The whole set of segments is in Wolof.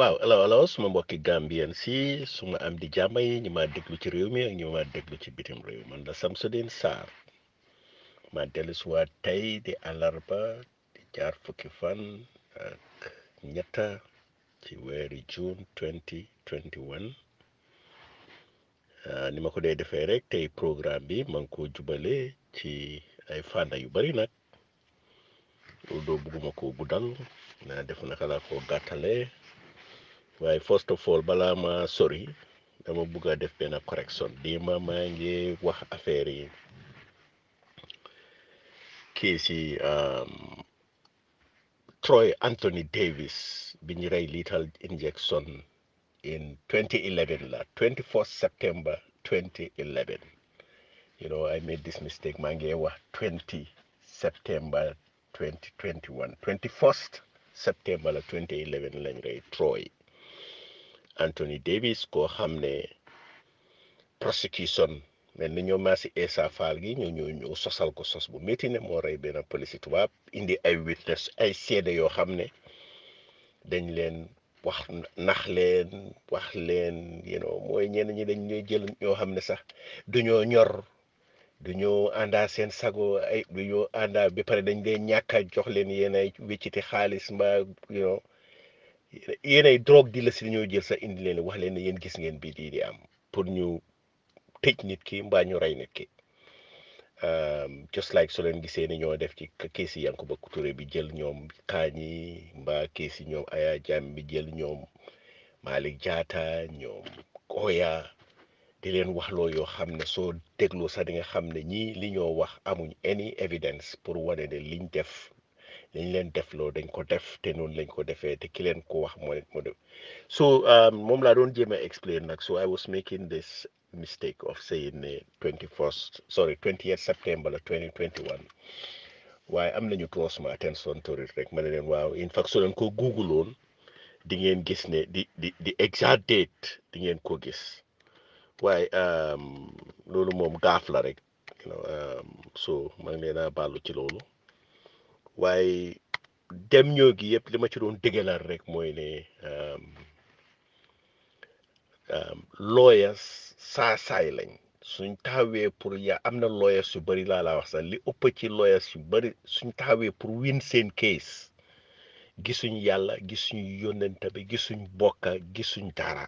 waaw allo allo suma mbokki gambien si suma am di jàmm yi ñi ma déglu ci réew mi ak ñi ma déglu ci bitim réew man la Samsudeen Sarr ma di àllarba di jaar fukki fan ak ñetta ci weeri June 2021 ah, ni ma ko dee defee rek tey programme bi ma ngi ko jubale ci ay fànna yu bari nag loolu doo bugguma koo guddal naa def koo gàttalee waaye first of all balaa sorry, sori dama bugg a def benn correction démb maa ngi wax affaire yi kii si um, Troy Anthony Davis bi ñu rey lethal injection in 2011 la 24 September 2011 you know I made this mistake maa ngi wax 20 September 2021 21st September la 2011 lañ rey Troy. Anthony Davis koo xam ne prosecution mel ni ñoo maasi Essa Faal gi ñoo ñoo sosal ko sos bu métti moo rey benn polisi tubaab indi ay witness ay seede yoo xam ne dañ leen wax nax leen wax leen you know mooy ñenn ñi dañ jël ñoo xam ne sax duñoo ñor du duñoo àndaa seen sago ay duñoo àndaa ba pare dañ dee ñàkk jox leen yéen ay wécciti xaalis mbaa yéenay drogue di la si ñoo jël sa indi leen wax leen ne yéen gis ngeen bii di am pour ñu tëj nit ki mbaa ñu rey nit ki um, just like su leen gisee ni ñoo def ci kees yi Yankuba Touré bi jël ñoom Kaañi mbaa kees yi ñoom Aya Jammeh bi jël ñoom Malick Jaata ñoom Koya di leen wax loo yoo xam ne soo dégloo sax di nga xam ne ñii li ñoo wax amuñ any evidence pour wane ne liñ def. dañ leen def defloo dañ ko def te noonu lañ ko defee te ki leen ko wax moo moo def so um, moom laa doon jéem a explain nag so I was making this mistake of saying ne twenty first sorry twentieth septembre la twenty twenty one waaye am nañu close ma attention to it rek ma ne leen waaw in fact so leen ko google woon di ngeen gis ne di di di exact date di ngeen ko gis waaye um, loolu moom gaaf la rek um, so maa ngi leen a baalu ci loolu. waaye dem ñoo gi yëpp li ma ci doon dégalaat rek mooy ne lawyers saasaay saay lañ suñ taxawee pour yaa am na lawyers su bari laa laa wax sax li ëpp ci lawyers yu bari suñ taxawee pour win seen case gisuñ yàlla gisuñ yónnante bi gisuñ bokka gisuñ dara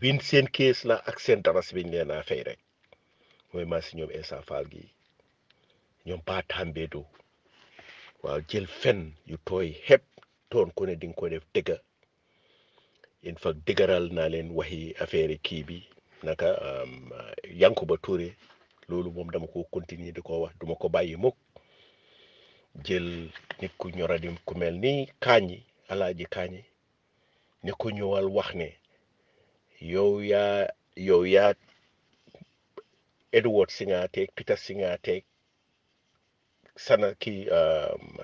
win seen case la ak seen dara si biñ leen a fay rek mooy maa si ñoom Essa Faal gi ñoom ba tàmbeedu waaw jël fen yu tooy xepp toon ko ne di nga ko def dëgga in fact dëgëral naa leen waxi affaire kii bi naka um, ba Touré loolu moom dama ko continue di ko wax duma ko bàyyi mukk jël nit ku ñoradi ku mel ni kaañi alaaji kaañi ni ko ñëwal wax ne yow yaa yow yaa Edward Singhateh Peter Singhateh Sana kii um,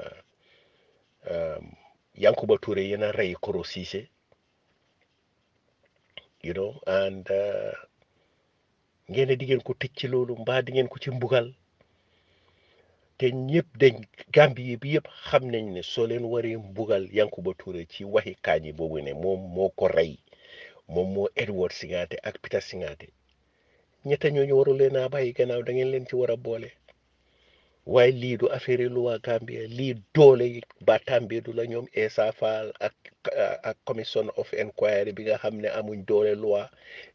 um, Yankuba Touré yana rey Koro Cissé you know and uh, ngeen ne di ngeen ko tëj ci loolu mbaa di ngeen ko ci mbugal te ñëpp dañ Gambie bi yëpp xam nañ ne soo leen waree mbugal ba tuure ci waxi kaañi boobu ne moom moo ko rey moom moo Edward Singate ak Peter Singate ñetta ñooñu waru leen a bàyyi gannaaw da ngeen leen ci war a boole. waaye lii du affaire lu waa Gambia lii doole yi Bantambédou la ñoom Essa Faal ak commission of inquiry bi nga xam ne amuñ doole loi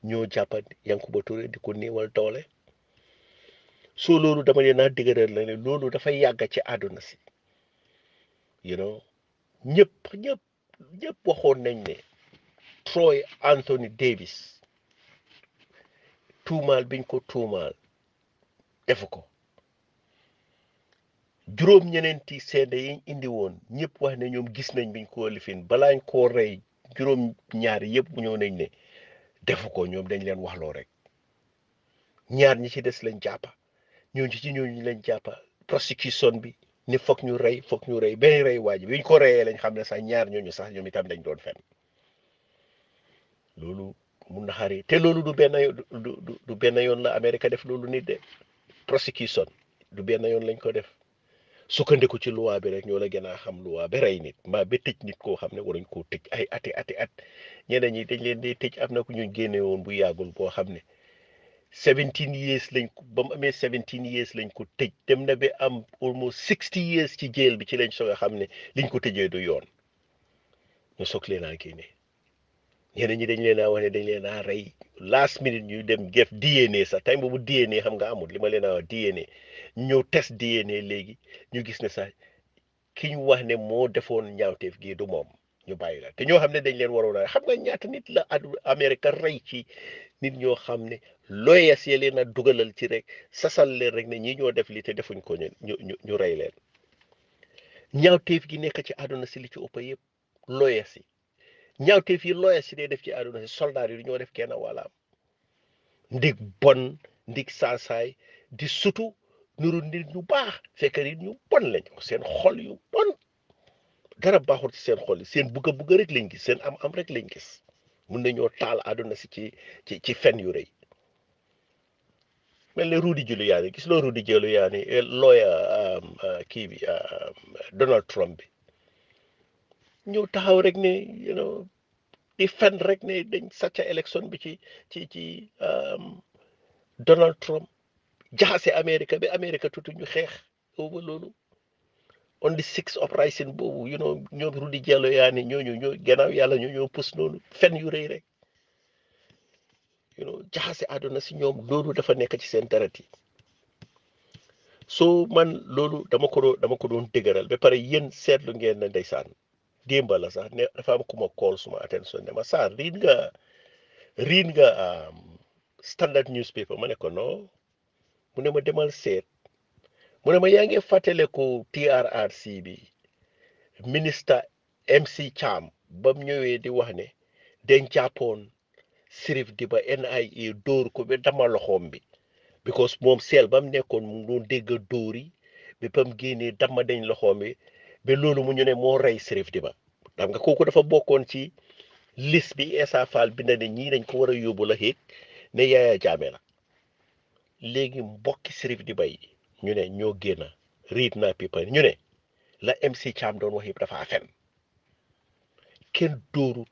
ñoo jàppat Yankuba Touré di ko néewal doole soo loolu dama ne naa dëgëral la ne loolu dafay yàgg ci àdduna si you know ñëpp ñëpp ñëpp waxoon nañ ne Troy Anthony Davis tuumaal biñ ko tuumaal defu ko. juróom ñeneenti seede yiñ indi woon ñëpp wax ne ñoom gis nañ biñ ko lifin balaañ ko rey juróom ñaari yëpp ñëw nañ ne def ko ñoom dañ leen waxloo rek ñaar ñi ci des lañ jàppa ñoo ci ci ñooñu lañ jàppa prosecution bi ni foog ñu rey foog ñu rey benn rey waa ji biñ ko reyee lañ xam ne sax ñaar ñooñu sax ñoom itam dañ doon fen loolu mun na xari te loolu du benn du du benn yoon la Amérique def loolu nit de prosecution du benn yoon lañ ko def sukkandiku ci luwaa bi rek ñoo la gën a xam luwaa ba rey nit maa ba tëj nit koo xam ne waruñ koo tëj ay ati ati at ñeneen ñi dañ leen di tëj am na ku ñu génne woon bu yàggul boo xam ne 17 years lañ ko ba mu amee 17 years lañ ko tëj dem na be am almost 60 years ci jéel bi ci lañ soog a xam ne lañ ko tëjee du yoon ñu soog leen a génne ñeneen ñi dañ leen a wax ne leen a rey last minute ñuy dem def DNA sax time boobu DNA xam nga amul li ma leen a wax DNA ñëw test DNA léegi ñu gis ne sax ñu wax ne moo defoon ñaawteef gii du moom ñu bàyyi la te ñoo xam ne dañ leen waroon a xam nga ñaata nit la ad Amérique rey ci nit ñoo xam ne looyas ya leen a dugalal ci rek sasal leen rek ne ñi ñoo def lii te defuñ ko ñu ñu ñu rey leen ñaawteef gi nekk ci àdduna si li ci ëpp yëpp looyas yi. ñaawteef fii looya si dee def ci àdduna si soldaar yi ñoo def kenn wàllaam ndig bon ndig saasaay di sutu nuru nit ñu baax fekk nit ñu bon lañ seen xol yu bon dara baaxul ci seen xol yi seen bugga bugga rek lañ gis seen am-am rek lañ gis mun nañoo taal àdduna si ci ci ci fen yu rëy mel ne Rudy Giuliani gis loo Rudy Giuliani eh, looya um, uh, kii bi um, Donald Trump bi. ñëw taxaw rek ne you know di fen rek ne dañ sàcca élection bi ci ci ci um, Donald Trump jaxase america ba Amérique tuuti ñu xeex over loolu on the six uprising boobu you know ñoom Rudy Jello yaa ñoo ñooñu ñoo gannaaw yàlla ñoo ñoo pus noonu fen yu rëy rek you know jaxase àdduna si ñoom loolu dafa nekk ci seen deret yi soo man loolu dama ko doon dama ko doon dëgëral ba pare yéen seetlu ngeen ne ndeysaan démba la sax ne dafa am ku ma call suma attention ne ma Sarr riin nga standard newspaper ma ne ko non mu ne ma demal seet mu ne ma yaa ngi fàttaleku TRRC bi minista MC Cham ba mu ñëwee di wax ne dañ jàppoon Sirif Diba NIA e, dóor ko ba dama loxoom bi because moom sel ba mu nekkoon mu doon dégg dóor yi ba pam génnee dama dañ loxoom bi ba loolu mu ñu moo rey Sheriff Diba xam nga kooku dafa bokkoon ci liste bi Essa Faal bind ne ñii dañ ko war a yóbbu la xéeg ne Yaya Jammeh la léegi mbokki Sheriff di bay ñu ne ñoo génn riit na pipa ñu la MC Cham doon wax yëpp dafa fen kenn dóorut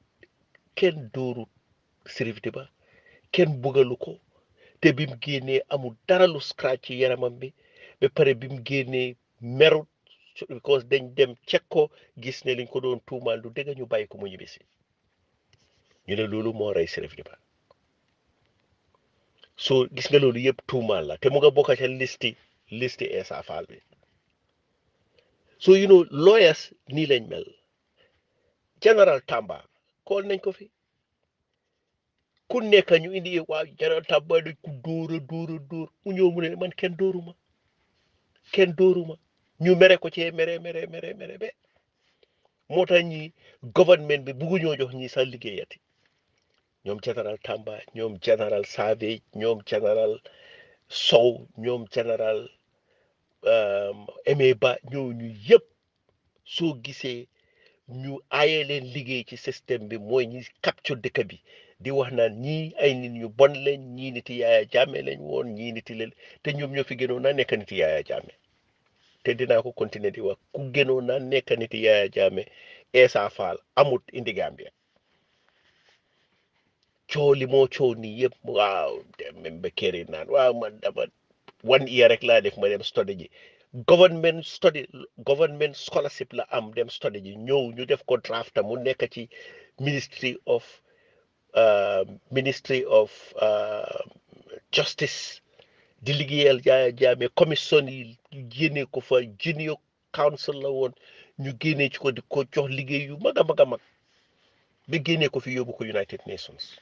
kenn dóorut Sheriff ba kenn bugalu ko te bi mu génnee amul dara lu scratch ci yaramam bi ba pare bi mu génnee merut because dañ dem cek ko gis ne liñ ko doon tuumaal du dëgg ñu bàyyi ko mu ñibbisi ñu ne loolu moo rey Sheriff Dibba soo gis nga loolu yëpp tuumaal la te mu nga bokk ca listi listi Essa Faal bi so you know lawyers nii lañ mel général Tamba kool nañ ko fi ku nekk ñu indi waaw général Tamba dañ ko dóora dóora dóor mu ñëw mu ne man kenn dóoruma kenn dóoruma ñu mere ko cee mere mere mere mere be moo tax ñi gouvernement bi bugguñoo jox ñi sax liggéeyati ñoom général Tamba ñoom général Savage ñoom général Sow ñoom général um, Aimé Ba ñooñu yëpp soo gisee ñu aaye leen liggéey ci système bi mooy ñi capture dëkk bi di wax naan ñii ay nit ñu bon leen ñii niti Yaya Jammeh lañ woon ñii niti lel te ñoom ñoo fi gënoon naa nekk niti Yaya Jammeh te dinaa ko continuer di wax ku gënoon na nekk nit Yaya Jammeh Essa Faal amut indi Gambia coow li moo coow nii yëpp waaw même ba kër yi naan waaw man dama one year rek laa def ma dem study ji government study government scholarship la am dem study ji ñëw ñu def ko draft mu nekk ci ministry of uh, ministry of uh, justice. di liggéeyal Yaya Jammeh commission yi génnee ko fa junior council la woon ñu génnee ci ko di ko jox liggéey yu mag a mag a mag ko fi yóbbu ko United Nations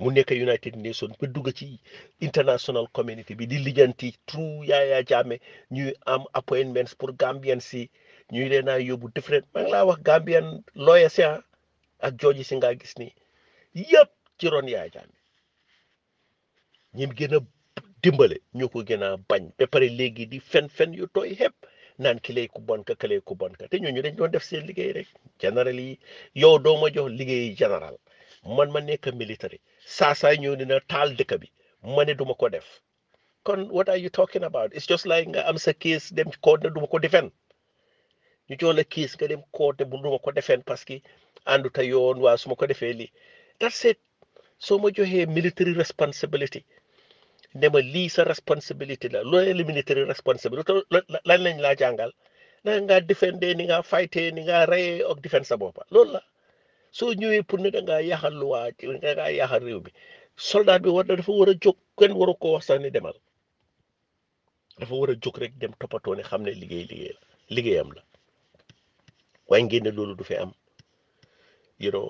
mu nekk United Nations ba dugg ci international community bi di lijjanti trou Yaya Jammeh ñuy am appointments pour Gambien si ñuy leen a yóbbu different maa wax Gambien lawyer si ah, ak jooji si nga gis ni yëpp ci ron Yaya Jammeh ñim gën dimbale ñoo ko gën bañ ba pare léegi di fen-fen yu tooy xepp naan kilee ku bon ka kilee ku bon ka te ñooñu dañ doon def seen liggéey rek général yi yow ma jox liggéey général man ma nekk military saa saay ñëw dina taal dëkk bi ma duma ko def kon what are you talking about it's just like nga am sa case dem court ne duma ko defen ñu jox la case nga dem court ne bu duma ko defen parce que àndu ta yoon waa su ko defee lii that's it soo ma joxee military responsibility ne ma lii sa responsibility la loolu la military responsibility lan lañ laa jàngal na nga defendee ni nga faytee ni nga reyee ak defend sa boppa loolu la soo ñëwee pour ne da ngaa yaaxal luwaa da ngaa yaaxal réew bi soldat bi war na dafa war a jóg kenn waru koo wax sax demal dafa war a jóg rek dem toppatoo ne xam ne liggéey liggéey la liggéeyam la waaye ngeen ne loolu du fi am you know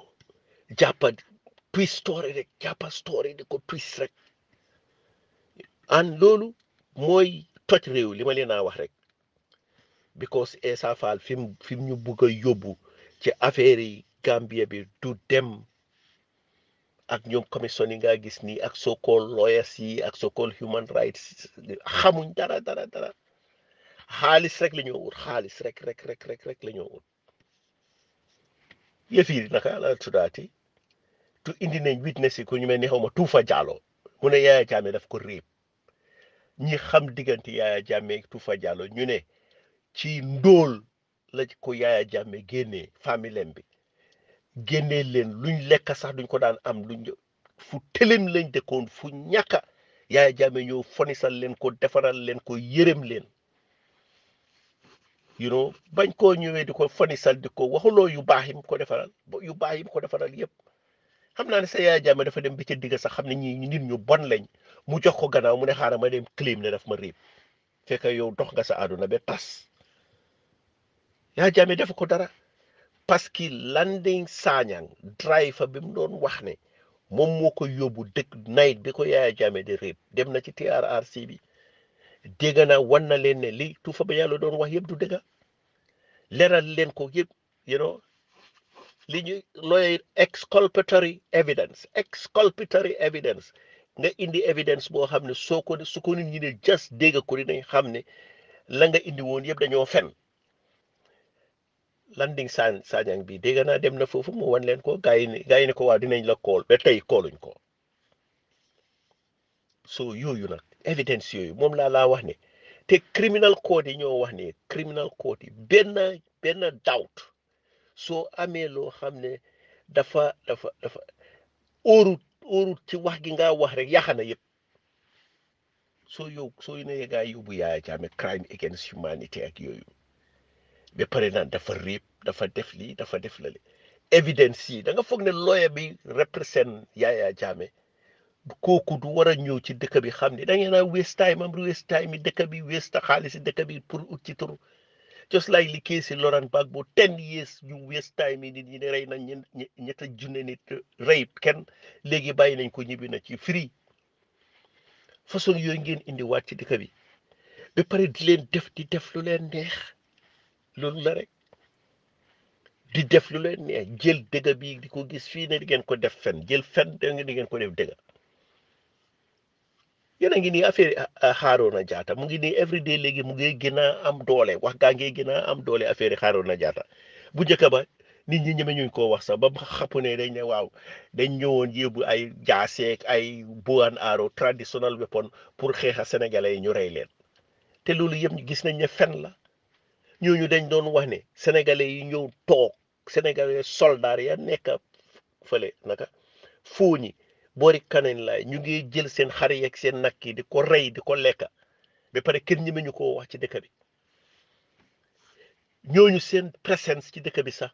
jàppa twist story rek jàppa story di ko twist rek an loolu mooy toc réew li ma leen naa wax rek because Essa Faal fi mu fi ñu bugg a yóbbu ci affaire yi bi du dem ak ñoom commission yi nga gis nii ak so-called ak sokol called human rights xamuñ dara dara dara rek la ñoo wut xaalis rek rek rek rek rek la ñoo wut yëf naka la tuddaati tu indi nañ witness yi ku ñu mel ni xaw ma tuufa jaalo mu ne yaaya jaame daf ko ñi xam diggante Yaya Jammeh ak Toufa Diallo ñu ne ci ndóol la ko Yaya Jammeh génnee famille bi génnee leen luñ lekk sax duñ ko daan am luñ fu tëlem lañ dëkkoon fu ñàkka Yaya Jammeh ñëw fonisal leen ko defaral leen ko yërëm leen you know bañ koo ñëwee di ko fonisal di ko waxuloo yu baax yi mu ko defaral yu baax yi mu ko defaral yëpp xam naa ne sa Yaya Jammeh dafa dem ba ca digg sax xam ne ñi nit ñu bon lañ mu jox ko gannaaw mu ne xaaral ma dem claim ne daf ma réeb fekk yow dox nga sa àdduna be tas yaa jaame def ko dara parce que Landing Sanyang driver bi mu doon wax ne moom moo ko dëkk nay bi ko Yaya Jammeh di réeb dem na ci TRRC bi dégg na wan leen ne li tuufa ba yàlla doon wax yëpp du dëgg leeral leen ko yëpp you know li ñuy looy exculpatory evidence exculpatory evidence nga indi évidence boo xam ne soo ko su ko nit ñi ne just dégg ko dinañ xam ne la nga indi woon yëpp dañoo fen landing saan saañang bi dégg naa dem na foofu moo wan leen ko gaa yi ne gaa yi ne ko waaw dinañ la kool ba tey kooluñ ko so yooyu nag évidence yooyu moom laa laa wax ne te criminal code yi ñoo wax ne criminal code yi benn benn doubt soo amee loo xam ne dafa dafa dafa óorut óorul ci wax gi nga wax rek yàq na yëpp soo yow soo ne gaa yóbbu yaaya jaame crime against humanity ak yooyu ba pare naan dafa réeb dafa def lii dafa def lale évidence yi da nga foog ne lawyer bi represent yaaya jaame kooku du war a ñëw ci dëkk bi xam ne da ngeen a waste time am waste time yi dëkk bi waste xaalis si dëkk bi pour ut ci tur just like the case in Laurent Gbagbo 10 years you waste time in the ñi And rey nañ ñetta junne nit rey kenn léegi bàyyi nañ ko ñibbi na free façon yooyu ngeen indi waat ci dëkk bi ba pare di leen def di def lu leen neex loolu di def lu leen neex jël dëgg bi di ko gis fii ne di ngeen ko def fen jël fen da ngeen di ngeen ko def yéen a ngi nii affaire ah, ah, na Jaata mu ngi nii everyday léegi mu ngi gën a am doole wax gaa ngi gën a am doole affaire na Jaata bu njëkk ba nit ñi ñeme ñuñ koo wax sax ba mu xapu ne dañ ne waaw dañ ñëwoon yóbbu ay jaaseek ay boan aro traditional weapon pour xeexa sénégalais yi ñu rey leen te loolu yëpp gis nañ ne fen la ñooñu dañ doon wax ne sénégalais yi ñëw toog sénégalais soldats ya nekk fële naka foo ñi boori kanen laay ñu ngi jël seen xar yeeg seen nakk yi di ko rey di ko lekka ba pare kenn ñeme ñu koo wax ci dëkk bi ñooñu seen présence ci dëkk bi sax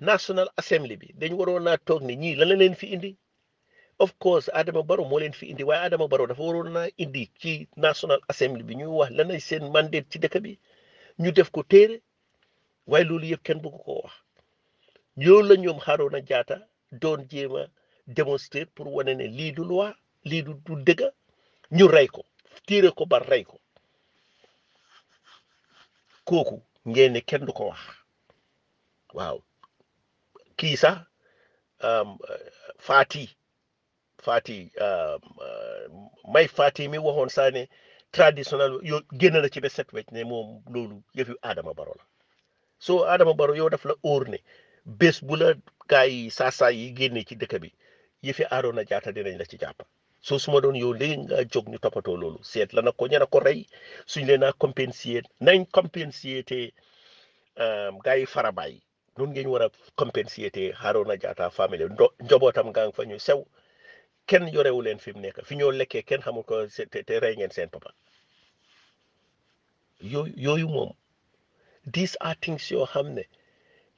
National Assembly bi dañ waroon naa toog ni ñii la leen fi indi of course Adama Barrow moo leen fi indi waaye Adama Barrow dafa waroon naa indi ci nasonal Assembly bi ñuy wax lanay seen mandate ci dëkk bi ñu def ko téere waaye loolu yëpp kenn bëgg koo wax loolu la ñoom na jaata doon jéema démonstrer pour wane ne lii du loi lii du du dëgg ñu rey ko tiire ko bar rey ko kooku ngeen ne kenn du ko wax waaw kii sax Fati Fati may Fati mi waxoon saa ne traditionnel yow génn na ci ba set wecc ne moom loolu yëfi Adama Baro la soo Adama Baro yow daf la óor ne bés bu la gaa yi saa saa yi génnee ci dëkk bi yëfi jaata Diatta dinañ la ci jàpp soo su ma doon yow léegi nga jóg ñu toppatoo loolu seet la nag ko ña ko rey suñ leen a compensé nañ compensé te euh, gars yi farabaay noonu ngeen war a compensé te na jaata famille njobootam ngaa fa ñu sew kenn yorewu leen fi mu nekk fi ñoo lekkee kenn xamul ko te te rey ngeen seen papa yooyu yooyu moom these are things yoo xam ne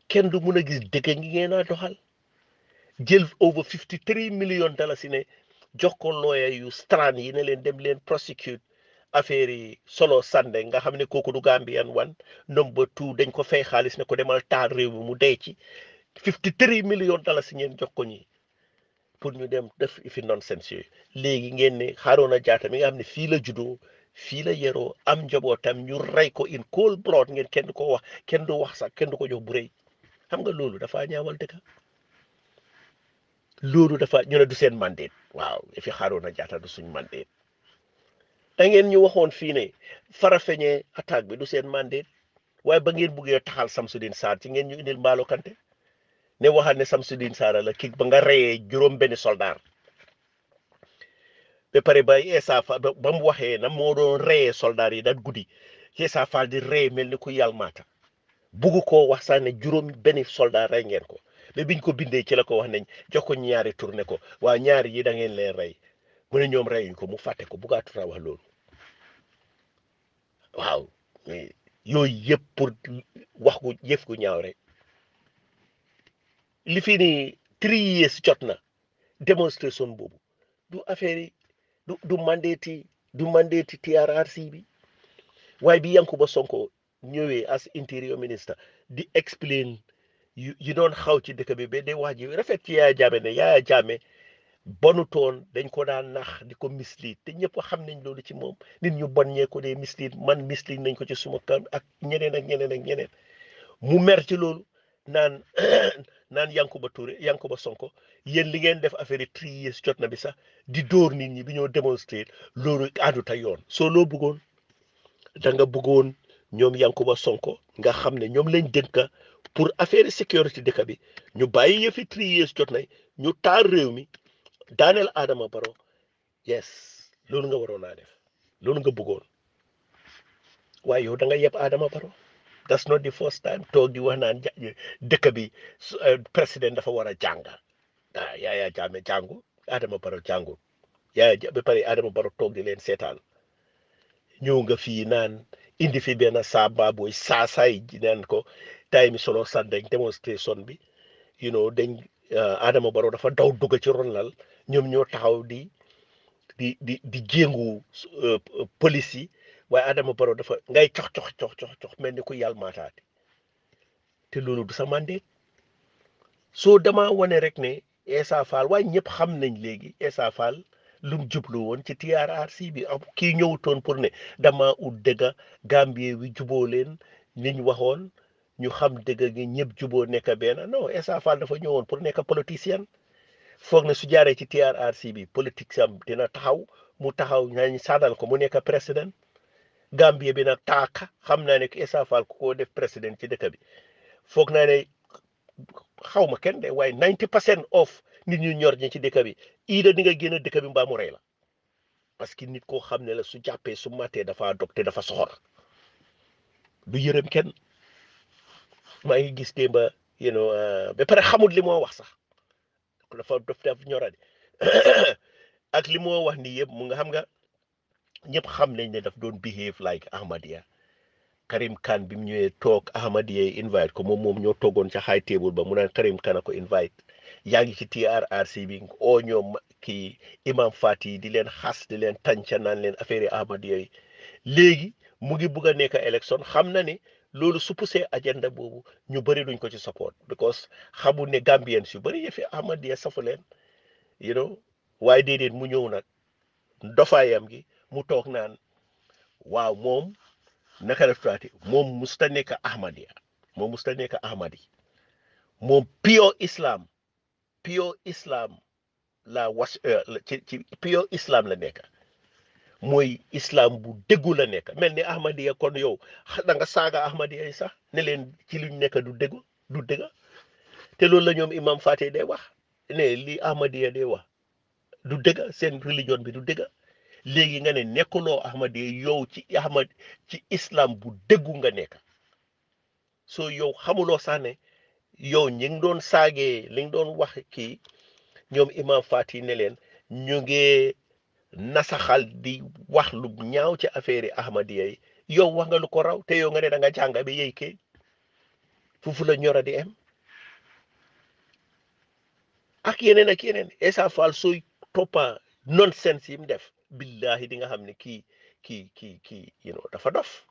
kenn du mun a gis dëgg ngi ngeen a jël over fifty three million si ne jox ko looya yu Strand yi ne leen dem leen prosecute affaire yi solo sande nga xam ne kooku du Gambian wan number two dañ ko fay xaalis ne ko demal taal réew mi mu dee ci fifty three million dalasi ngeen jox ko ñi pour ñu dem def fi nonsense yooyu léegi ngeen ne Harouna Jatta mi nga xam ne fii la juddoo fii la yeroo am njabootam ñu rey ko in cole blood ngeen kenn du ko wax kenn du wax sax kenn du ko jox bu rëy xam nga loolu dafaa ñaawal dëkk loolu dafa ñu ne du seen mandate waaw fi Harouna Jatta du suñ mandate da ngeen ñu waxoon fii ne Farafenni attaque bi du seen mandate waaye ba ngeen buggee taxal Samsudeen Sarr ci ngeen ñu indil Mballo Kanté ne waxaat ne Samsudeen Sarr la kii ba nga reyee juróom soldaar ba pare ba Essa Faal ba mu waxee na moo doon reyee soldaar yi daal guddi Essa Faal di reyee mel ni ku yàlla maata bugg koo wax sax ne juróom soldaar rey ngeen ko mais biñ ko bindee ci la ko wax nañ jox ko ñaari tur ne ko waa ñaari yi da ngeen leen rey mu ne ñoom reyuñ ko mu fàtte ko bugaatutaa wax loolu waaw yooyu yëpp pour wax gu yëf gu ñaaw rek li fi ni three years jot na démonstration boobu du affaire yi du du mandati du mandati TRRC bi waaye bi Yankuba Sonko ñëwee as interior minister di explain yu yu doon xaw ci dëkk bi ba day wax ji rafet ci yaaya jaame ne yaaya jaame bonu toon dañ ko daan nax di ko mislead te ñëpp xam nañ loolu ci moom nit ñu bon ñee ko dee man mislead nañ ko ci suma kan ak ñeneen ak ñeneen ak ñeneen mu mer loolu naan ba Yankuba Touré ba Sonko yéen li ngeen def affaire tri three years jot na bi sax di door nit ñi bi ñoo démonstré loolu ànduta yoon soo loo bëggoon da nga bëggoon ñoom ba Sonko nga xam ne ñoom lañ dénka pour affaire sécurité dëkk bi ñu bàyyi yëfi triyees jot na ñu taal réew mi daaneel Adama Barrow yes loolu nga waroon naa def loolu nga bëggoon waaye yow da nga yeb Adama Barrow that's not the first time toog di wax naan dëkk bi eh, président dafa war a jàng ah Yaya Jammeh jàngu Adama Barrow jàngu Yaya ba pare Adama Barrow toog di leen seetaan ñëw nga fii naan indi fi benn saa baaboy saa saay ji naan ko. time is solo sandeng demonstration bi you know dañ euh, Adama Barrow dafa daw dugg ci ronlal ñoom ñoo taxaw di di di di jéngu euh, police yi waaye Adama Barrow dafa ngay cox cox cox cox cox mel ni ku yàlla maataate te loolu du sa mandate soo dama wane rek ne Essa Faal waaye ñëpp xam nañ léegi Essa Faal lum jublu woon ci TRRC bi am kii ñëwutoon pour ne dama ut dëgga Gambie wi juboo leen niñ waxoon ñu xam dëgg gi ñëpp juboo nekk benn non Essa Faal dafa ñëwoon pour nekk politicien foog na su jaaree ci TRRC bi politique sam dina taxaw mu taxaw nañ saadal ko mu nekk président Gambie bi na taaka xam naa ne Essa Faal ku ko def président ci dëkk bi foog naa ne xaw ma kenn de waaye 90 percent of nit ñu ñor ñi ci dëkk bi iida di nga génn dëkk bi mbaa mu rey la parce que nit koo xam ne la su jàppee su matee dafa dog te dafa soxor du yërëm maa ngi gis ba you know euh, ba pare xamul li moo wax sax dafa daf daf ñoradi ak li moo wax ni yëpp mu nga xam nga ñëpp xam nañ ne daf doon behave like ahmadia Karim Khan bi mu ñëwee toog Ahmadiyya invite ko moom moom ñoo toogoon ca high table ba mu naan Karim Khan a ko invite yaa ngi ci TRRC bi oo ñoom ki imam Fati di leen xas di leen tànca naan leen affaire yi Ahmadiyya yi léegi mu ngi bugg a nekk élection xam na ne. loolu su poussé agenda boobu ñu bari duñ ko ci support because xamul ne Gambien yu bari yëfi Ahmadiyya safu leen you know waaye déedéet mu ñëw nag dofaayam gi mu toog naan waaw moom naka def tuuti moom musta nekk Ahmadiyya moom musta nekk Ahmadi moom pure islam pure islam la was eh, ci ci pure la nekk. mooy islam bu déggu la nekk mel ni ahmadiya kon yow da nga saaga ahmadiya yi sax ne leen ci luñ nekk du déggu du dégg te loolu la ñoom imam Fatih day wax ne lii ahmadiya day wax du dégg seen religion bi du dégg léegi nga ne nekkuloo ahmadiya yow ci ahmad ci islam bu déggu nga nekk soo yow xamuloo sax ne yow ñi doon saage li ñu doon wax kii ñoom imam Fatih ne leen ñu nasaxal di wax lu ñaaw ci affaire yi Ahmadiyya yow wax nga lu ko raw te yow nga ne da nga jàng ba yey kee foofu la ñora di am ak yeneen ak yeneen Essa Faal sooy toppa nonsense yi mu def billahi di nga xam ne kii kii ki kii you know dafa dof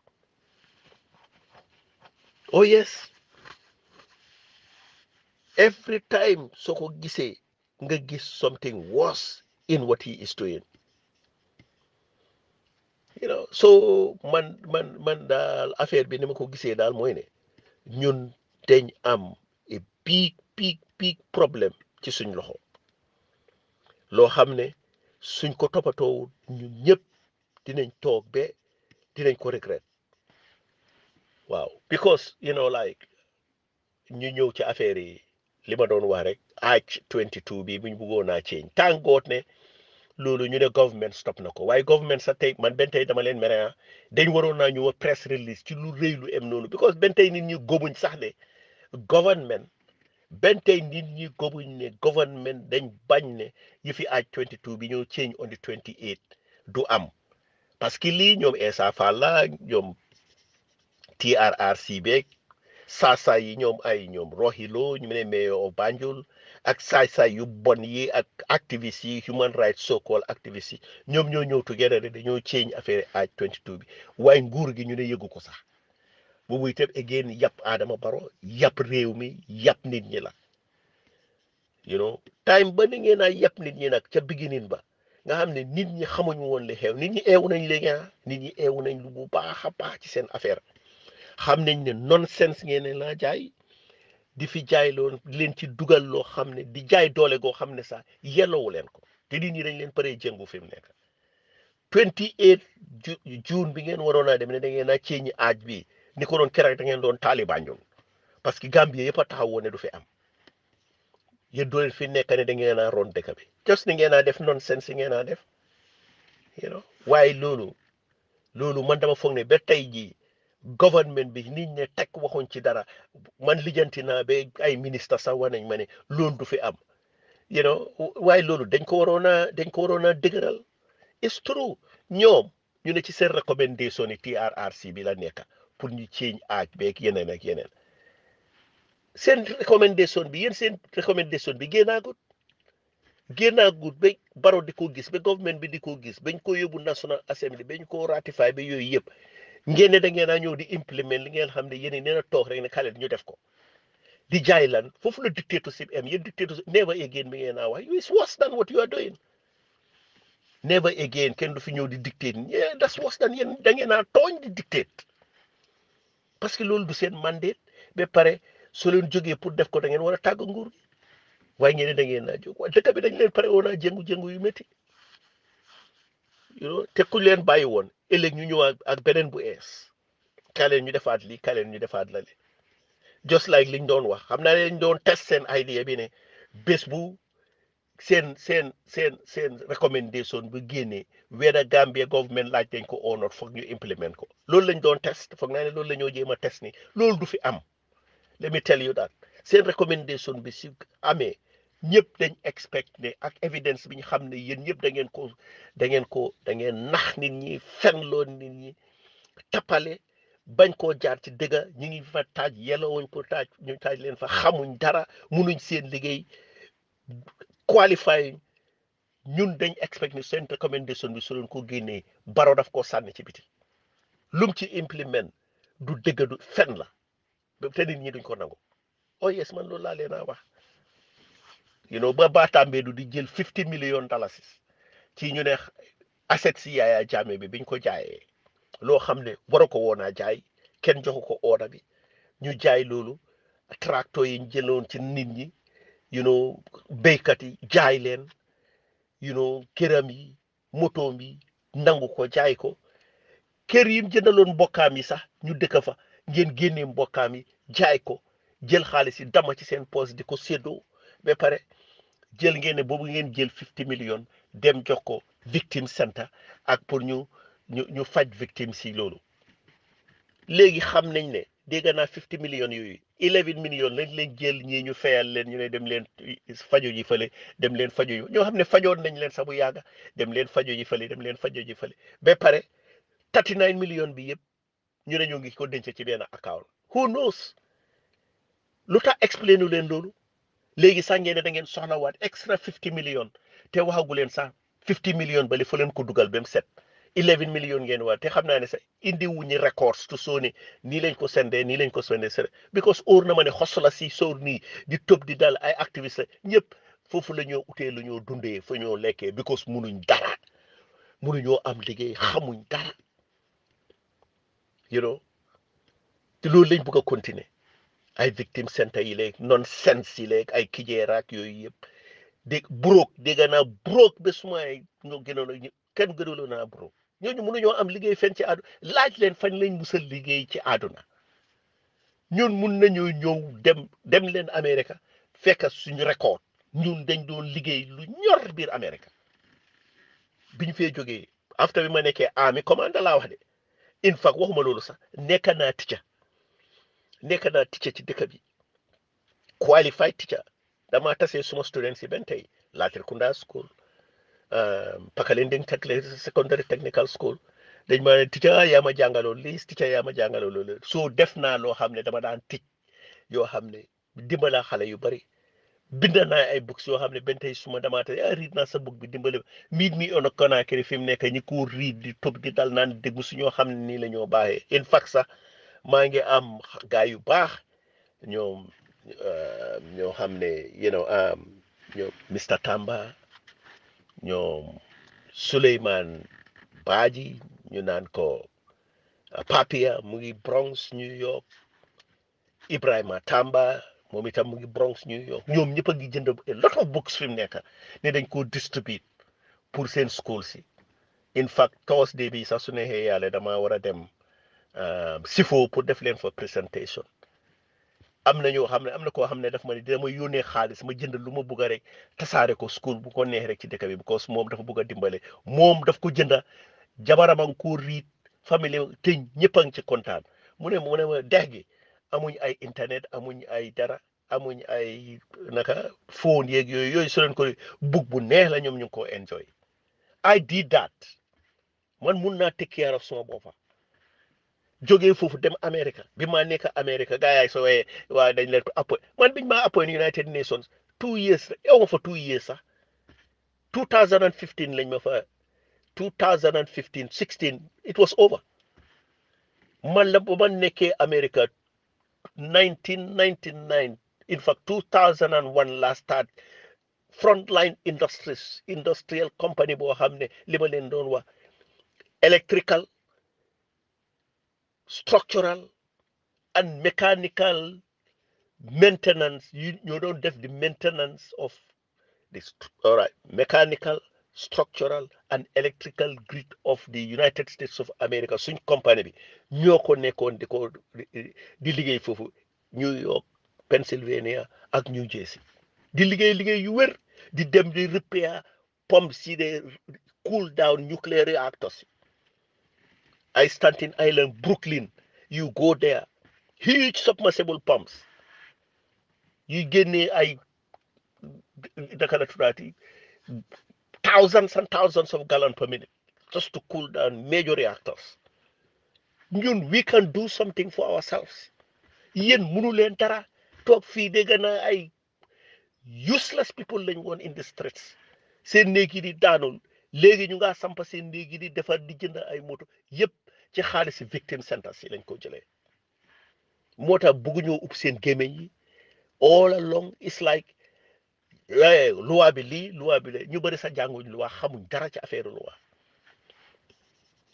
oh yes every time soo ko gisee nga gis something worse in what he is doing you so man man man daal affaire bi ni ma ko gisee daal mooy ne ñun dañ am et big big big problème ci suñ loxo loo xam ne suñ ko toppatoo ñun ñëpp dinañ toog ba dinañ ko regret waaw because you know like ñu ñëw ci affaire yi li ma doon wax rek age 22 bi bu ñu bëggoon naa change tàngoot ne. loolu ñu ne government stop na ko waaye government sa tey man benn tey dama leen mere ah waroon naa ñu wax press release ci lu rëy lu em noonu because benn nit ñi gobuñ sax de government benn nit ñi góobuñ ne government dañ bañ ne yi fi aaj 22 bi ñëw change on the 28 du am parce que lii ñoom Essa Fall la ñoom TRRC beeg saa saa yi ñoom ay ñoom loo ñu ne mayor of Banjul. ak saay-saay yu bon yi ak activistes yi human rights so called yi ñoom ñoo ñëw together de dañoo change affaire age 22 bi waaye nguur gi ñu ne yëgu ko sax bu muy teb again yàpp Adama Baro yàpp réew mi yàpp nit ñi la you know time ba ni ngeen a yàpp nit ñi nag ca beginning ba nga xam ne nit ñi xamuñu woon li xew nit ñi eewu nañ léegi ah, nit ñi eewu nañ lu bu baax a ci seen affaire xam nañ ne nonsense ngeen laa jaay di fi jaay loo leen ci dugal loo xam ne di jaay doole goo xam ne sax yelloowu leen ko te nit ñi dañ leen paree jëngu fi mu nekk 28 June bi ngeen waroon a dem ne da ngeen a ceeñi aaj bi ni ko doon keroog da ngeen doon taaliban ñun parce que Gambie yëpp a taxawoo ne du fi am yéen doo leen fi nekk ne da ngeen a ron dëkk bi jos ni ngeen a def nonsense ngeen a def you know waaye loolu loolu man dama foog ne ba tey jii. government bi nit ñi teg waxuñ ci dara man lijjanti na ba ay ministre sax war nañ ma ne loolu du fi am you know waaye loolu dañ ko waroon a dañ ko waroon a dëgëral it's true ñoom ñu ne ci seen recommandation yi TRRC bi la nekka pour ñu change aaj beeg yeneen ak yeneen seen recommandation bi yéen seen recommandation bi génnaagut génnaagut be baro di ko gis ba government bi di ko gis bañ ko yóbbu National Assembly bañ ko ratify ba yooyu yëpp. ngeen ne da ngeen a ñëw di implement li ngeen xam ne yéen nee na toog rek ne xale ñu def ko di jaay lan foofu la dictatorship am yéen dictatorship never again bi ngeen a wax it's worse than what you are doing never again kenn du fi ñëw di dictate yeah that's worse than yéen da ngeen a tooñ di dictate parce que loolu du seen mandate ba pare soo leen jógee pour def ko da ngeen war a tàgg nguur gi waaye ngeen ne da ngeen naa jóg waaye dëkk bi dañ leen pare woon naa jëngu jëngu yu métti you leen bàyyi woon ëllëg ñu ñëw ak beneen bu ees kaay leen ñu defaat lii kaay leen ñu defaat la li just like liñ doon wax xam naa lañ doon test seen idea bi ne bés bu seen seen seen seen recommendation bu génnee whether Gambia government laaj dañ ko or not foog ñu implement ko loolu lañ doon test foog naa ne loolu la ñoo jéem a test ni loolu du fi am let me tell you that seen recommendation bi si amee ñëpp dañ expect ne ak évidence bi ñu xam ne yéen ñëpp dangeen ngeen ko da ngeen ko da nax nit ñi fen loon nit ñi tapale bañ koo jaar ci dégga ñu ngi fa taaj yellowuñ ko taaj ñu taaj leen fa xamuñ dara munuñ seen liggéey qualifié ñun dañ expect ne seen recommendation bi su leen ko génnee baro daf koo sànni ci biti lum ci implement du dëgg du fen la te nit ñi duñ ko nangu oh yes man loolu laa leen a wax you know ba Batambedu di jël fifty million dalasis ci ñu ne asset si Yaya Jammeh bi biñ ko jaayee loo xam ne waru ko woon a jaay kenn joxu ko order bi ñu jaay loolu tracteur yi ñu jëloon ci nit ñi you béykat yi jaay leen you këram yi motoom yi nangu ko jaay ko kër yi jëndaloon mbokkaam yi sax ñu dëkk fa ngeen génnee mbokkaam yi jaay ko jël xaalis yi dama ci seen poos di ko séddoo ba pare jël ngeen ne boobu ngeen jël fifti million dem jox ko victime centre ak pour ñu ñu ñu faj victim si loolu léegi xam nañ ne dégg naa fifti million yooyu eleven million lañ leen jël ñii ñu fayal leen ñu ne dem leen fajo ji fële dem leen fajo ji ñoo xam ne fajoon nañ leen sax bu dem leen fajo ji fële dem leen fajo ji fële pare thirty nine million bi yëpp ñu ne ñu ngi ko denc ci benn account who knows lu tax expliqué nu leen loolu. léegi sax ngeen ne da ngeen soxlawaat extra fifty million te waxagu leen sax fifty million bale fo leen ko dugal ba mu set eleven million ngeen waa te xam naa ne sax indi wuñu records tu soo nii lañ ko sendee nii lañ ko sendee sere because óor na ma ne xosla si sóor nii di tëb di dal ay activiste la ñëpp foofu la ñoo utee la ñoo dundee fa ñoo lekkee because munuñ dara munuñoo am liggéey xamuñ dara you know te loolu lañ bëgg a continuer ay victime sent yi léeg non sense yi léeg ay kijeeraak yooyu yëpp dégg brook dégg naa brook ba sumay ñoo gënoon ñu kenn gënoon naa brook ñooñu mënuñoo am liggéey fenn ci àdduna laaj leen fan lañ musal liggéey ci àdduna ñun mun nañoo ñëw dem dem leen Amérique fekk suñu record ñun dañ doon liggéey lu ñor biir Amérique biñ fee jógee after bi ma nekkee ami commande laa wax de in fact waxuma loolu sax nekk naa ticca nekk naa teacher ci dëkk bi qualified teacher damaa tase suma students yi benn tey Latrikunda school um, Pakalending secondary technical school dañ ma ne teacher yaa jàngaloo lii teacher yaa ma jàngaloo loolu soo def naa loo xam ne dama daan tic yoo xam ne dimbalaa xale yu bari bind naa ay books yoo xam ne benn tey suma damaa tey ah riid naa sa book bi dimbale miit mi on a Conakry fi mu nekk ñi ko riid di toog di dal naan dégg si ñoo xam ne nii la ñoo baaxee in sax. maa ngi am gaay yu baax ñoom euh, ñoo xam ne you know um, ñoom Mr Tamba ñoom Souleymane Badji ñu naan ko euh, Papia mu ngi Bronx New York Ibrahima Tamba moom itam mu ngi Bronx New York ñoom ñëpp a ngi jënd a lot books fi mu nekk ne dañ koo distribute pour seen school si in fact Thursday bi sax su neexee yàlla damaa war a dem. Euh, sifo pour def leen fa présentation am na ñoo xam ne am na koo xam ne daf ma ne dina ma yónnee xaalis ma jënd lu ma bugg a rek tasaare ko school bu ko neex rek ci dëkk bi because moom dafa bugg a dimbale moom daf ko jënda jabaramang ko riit famille tëñ ñëpp a ci kontaan mu ne mu ne ma dex gi amuñ ay internet amuñ ay dara amuñ ay naka foon yeeg yooyu yooyu su leen ko bug bu neex la ñoom ñu ko enjoy I did that man mun naa take care of sama Joking for dem America. bi ma nekk Amérique gars yaay soo waaye waaye dañ leen appoint man biñ maa appoint United Nations two years ew fa two years sax 2015 lañ ma fa 2015 16 it was over man la America. 1999 in fact 2001 last start frontline industries industrial company boo have ne li ma leen doon electrical structural and mechanical maintenance. You, you don't have the maintenance of this, all right, mechanical, structural, and electrical grid of the United States of America. So, company bi ñoo New York, Pennsylvania and New Jersey. di liggéey you were the di dem repair pumps see the cool down nuclear reactors I stand in Island, Brooklyn. You go there. Huge submersible pumps. You get near I the kind of thousands and thousands of gallons per minute just to cool down major reactors. We can do something for ourselves. Yen munulen dara talk fi degana I useless people laying one in the streets. Say negiri danul léegi ñu ngaa samp seen léegi di defar di jënd ay moto yëpp ci xaalisi victime centers si lañ ko jëlee moo tax bëgguñoo ub seen gémmiñ yi all along it's like eh, luwa bi lii luwa bi la ñu bari sa jànguñ luwa xamuñ dara ci affaire luwa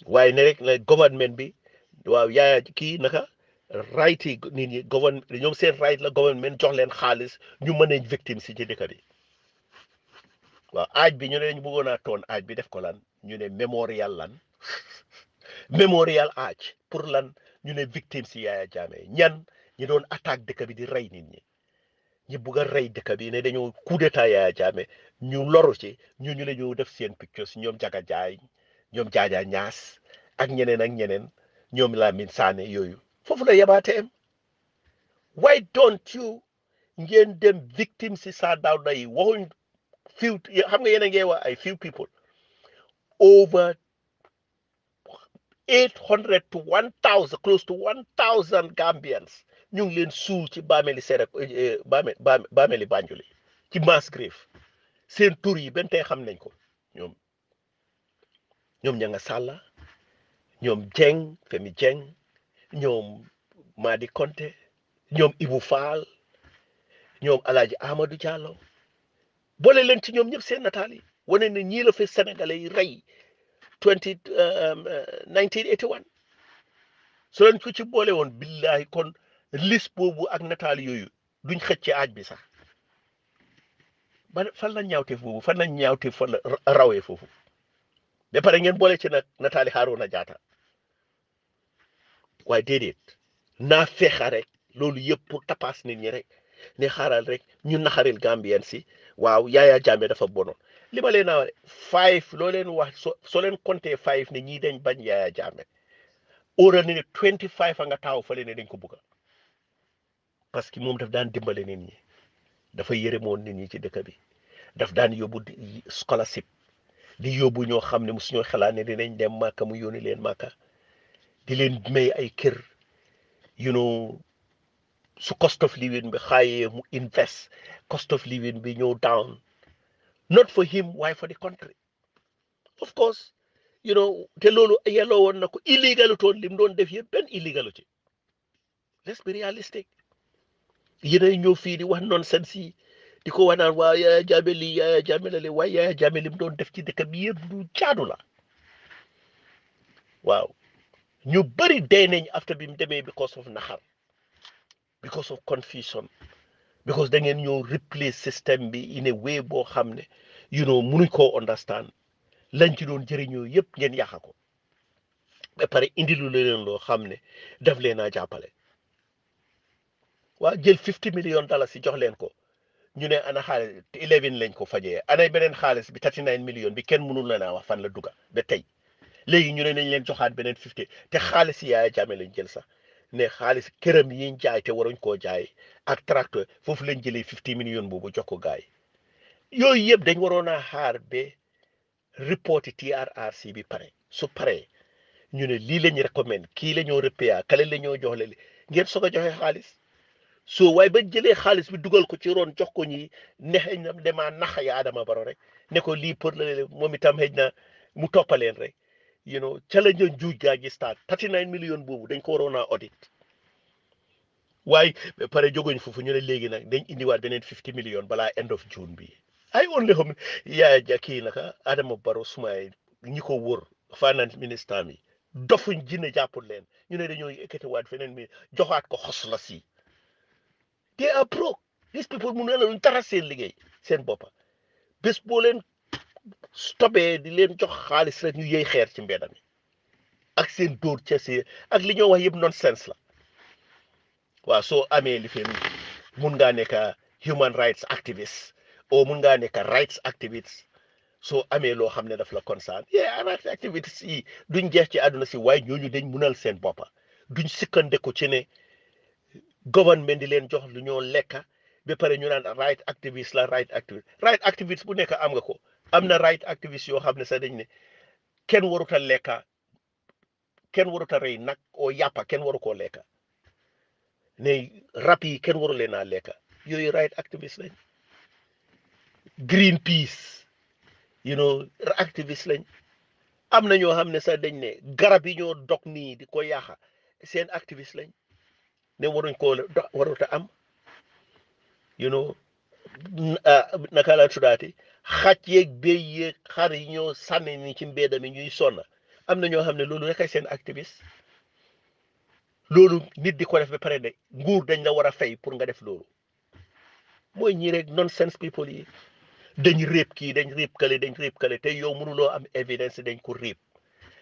waaye ne rek ne gouvernement bi waaw yaaya kii naka right yi nit ñi gouvernement ñoom seen right la gouvernement jox leen xaalis ñu mën a victime si ci dëkk bi waaw aaj bi ñu ne ñu bëggoon a toon aaj bi def ko lan ñu ne mémorial lan mémorial aaj pour lan ñu ne victime si Yaya ñan ñu doon attaque dëkk bi di rey nit ñi ñi bugg rey dëkk bi ne dañoo coup d'état Yaya Jammeh ñu loru ci ñu ñu la ñu def seen pictures ñoom jaga jaay ñoom jaaja ñaas ak ñeneen ak ñeneen ñoom Lamin Sané yooyu foofu la yabaate am why don't you ngeen dem victime si saa daaw yi waxuñ few xam nga yéen a ngi wax ay few people over eight hundred to one thousand close to one thousand Gambians ñu ngi leen suul ci bàmmeeli Sere eh, eh, bàmmeeli Banjul ci mass grave seen tur yi benn tey xam nañ ko ñoom ñoom ña nga Sàlla ñoom Jeng Femi Jeng ñoom Madi Konte ñoom Ibou Fall ñoom Alaaji Amadou Diallo boole leen ci ñoom ñëpp seen nataal yi na ne ñii la fi sénégalais yi rey 20 1981 um, uh, su leen ko ci boole woon billahi kon liste boobu ak nataal yooyu duñ xëcc ci aaj bi sax ba fan la ñaawteef boobu fan la ñaawteef fan la rawee foofu ba pare ngeen boole ci nag nataali Harouna Jaata waaye déedéet naa fexa rek loolu yëpp pour tapas nit ñi rek ne ñu naxaril Gambien si. waaw Yaya Jammeh dafa bonoon li ma leen a wax five loo leen wax so soo leen compter five ne ñii dañ bañ a Jammeh óoral ne ne twenty five a nga taaw fële ne dañ ko bugga parce que moom daf daan dimbale nit ñi dafa yërëmoon nit ñi ci dëkk bi daf daan yóbbu scholarship di yóbbu ñoo xam ne suñoo xalaat ne dinañ dem màkka mu yónni leen màkka di leen may ay kër you su cost of living bi high, mu invest cost of living bi ñëw down not for him Why for the country of course you know te loolu eh, yelloo woon na ko illegal toon lim doon def yëpp benn to ci let's be realistic yéen ay ñëw fii di wax nonsense yi di ko wax naan waa Yaya Jammeh lii Yaya Jammeh la lee waaye lim doon def ci dëkk bi yëpp du jaadu la waaw ñu bëri dee nañ after bi mu demee because of naxar because of confusion because da ngeen ñëw replace système bi in a way boo xam ne you know munuñ koo understand lañ ci doon jëriñoo yëpp ngeen yàq ko ba pare indi lu leen loo xam ne daf leen a jàppale waa jël fifty million dollars si jox leen ko ñu ne ana xaalis eleven lañ ko fajee anay beneen xaalis bi thirty nine million bi kenn mënul la naa wax fan la dugga ba tey léegi ñu ne nañ leen joxaat beneen fifty te xaalis yi yaaya jàmme lañ jël sax ne xaalis këram yi ñu jaay te waruñ koo jaay ak tracteur foofu lañ jëlee fifty million boobu jox ko gaay yooyu yëpp dañ waroon a xaar ba report TRRC bi pare su pare ñu ne lii le ñu recommend kii la ñoo repéya kale la ñoo jox leen ngeen soog a joxe xaalis soo waaye ba jëlee xaalis bi dugal ko ci roon jox ko ñi ne xëy na damaa nax ya Adama Barrow rek ne ko lii pour la moom itam xëy na mu toppaleen rek. you know ca la ñu juuj gaa ji start 39 million boobu dañ ko waroon a audit waaye ba pare jógoñ foofu ñu ne léegi nag dañ indiwaat beneen 50 million balaa end of June bi ay on li xam yaaya ja kii naka Adama Barrow Sumaye ñi ko wër finance minister mi dofuñ jinne jàppul leen ñu ne dañoo waat feneen mi joxaat ko xos si they are broke these people mun ne la luñ seen liggéey seen boppa bés boo stoppé di leen jox xaalis rek ñu yëy xeer ci mbedd ak seen dóor ca si ak li ñoo wax yëpp nonsense la waa soo amee li fi mun ngaa nekk human rights activist o mun ngaa nekk rights activist soo amee loo xam ne daf la concerne ye rights activist yi duñ jeex ci àdduna si waaye ñooñu dañ munal seen boppa duñ sikkandeku ci ne government di leen jox lu ñoo lekka ba pare ñu naan right activist la right activist right activist bu nekk am nga ko am na right activist yoo xam ne sax dañ ne kenn waruta Leka, Ken waruta rey Nak oo yàppa kenn waru koo lekka ne rab yi kenn waru leen a lekka right activist lañ Greenpeace you know activist lañ am na ñoo xam ne sax dañ ne garab yi ñoo dog nii di ko yaaxa seen activist lañ ne waruñ koo waruta am you know ah, naka la tuddaati xaj yeeg béy yeeg xar yi ñoo sànni ni ci mbedd mi ñuy sonn am na ñoo xam ne loolu rek ay seen activiste loolu nit di ko def ba pare de nguur dañ la war a fay pour nga def loolu mooy ñii rek nonsense people yi dañ réeb kii dañ réeb kale dañ réeb kale te yow mënuloo am évidence dañ ko réeb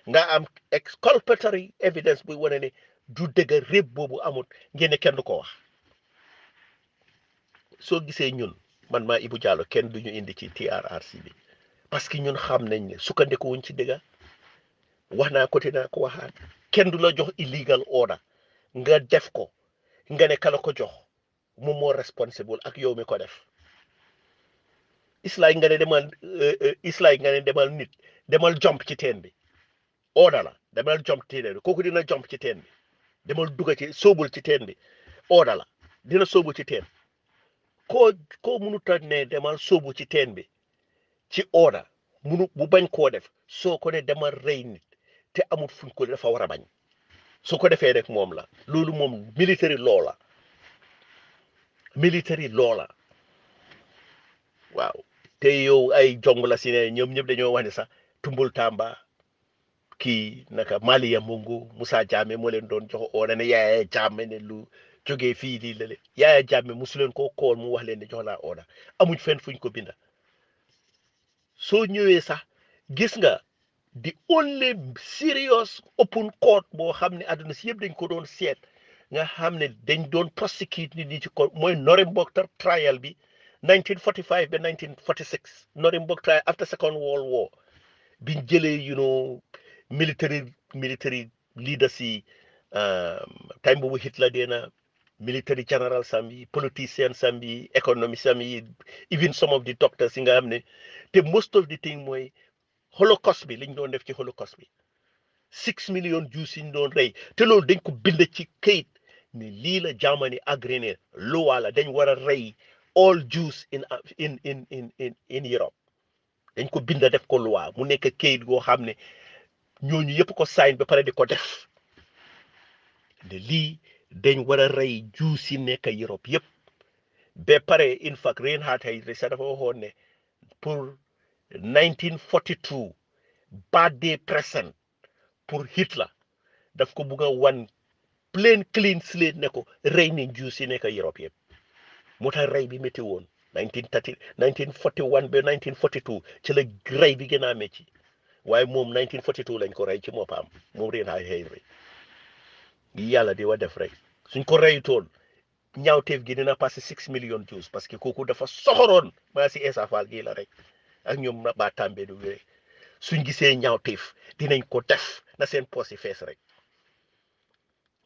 nga am exculpatory evidence buy wane ne du dëgg réeb boobu amut ngeen ne kenn du ko wax soo gisee ñun. man maa Ibou Diallo kenn du ñu indi ci ti TRRC bi parce que ñun xam nañ ne sukkandiku wuñ ci dëgga wax naa ko te naa ko waxaat kenn du la jox illegal order nga def ko nga ne kala ko jox moom moo responsible ak yow mi ko def islaay nga ne demal euh, euh, islaay nga demal nit demal jomp ci teen bi order la demal jomp ci teen bi kooku dina jomp ci teen bi demal dugga ci sóobul ci teen bi order la dina sóobul ci teen koo koo mënuta ne demal sóobu ci teen bi ci oda munu bu bañ koo def soo ko ne demal rey nit te amul fuñ ko dafa war a bañ su ko defee rek moom la loolu moom military law la military law la waaw te yow ay jong la si ne ñoom ñëpp dañoo wax ne sax tumbul tàmba kii naka Maliya Mungu Moussa Jammeh moo leen doon jox oo ne yaaya Jammeh ne lu jógee fii lii la leen yaaya jàmme mosu leen koo kool mu wax leen ne jox naa order amuñ fenn fuñ ko binda soo ñëwee sax gis nga di only serious open court boo xam ne àdduna si yëpp dañ ko doon seet nga xam ne dañ doon prosecute nit ñi ci ko mooy Nuremberg trial bi 1945 ba 1946 Nuremberg trial after second world war biñ jëlee you know military military leaders yi um, time boobu Hitler dee na military general sam yi politician sam yi economist sam yi even some of the doctors yi nga xam ne te most of the thing mooy holocaust bi liñ doon def ci holocaust bi six million Jews yi ñu doon rey te loolu dañ ko bind ci këyit ne lii la Germany agree ne loi la dañ war a rey all Jews in in in in in Europe dañ ko bind def ko loi mu nekk kayit goo xam ne ñooñu yëpp ko sign ba pare di ko def ne lii. dañ war a rey juu si nekk Europe yëpp ba pare in fact Reinhard Heydrich sax dafa waxoon ne pour 1942 birthday present pour Hitler daf ko bugg a wan plain clean slate ne ko rey nañ juu si nekk Europe yëpp moo tax rey bi métti woon 1930 1941 ba 1942 ci la rey bi gën a ci waaye moom 1942 lañ ko rey ci moppaam moom Reinhard Heydrich yi yàlla di wa def rek suñ ko reyutoon ñaawteef gi dina passé six million juus parce que kooku dafa soxoroon maa si Essa Faal gii la rek ak ñoom na baa tàmbee du rek suñ gisee ñaawteef dinañ ko def na seen poos yi fees rek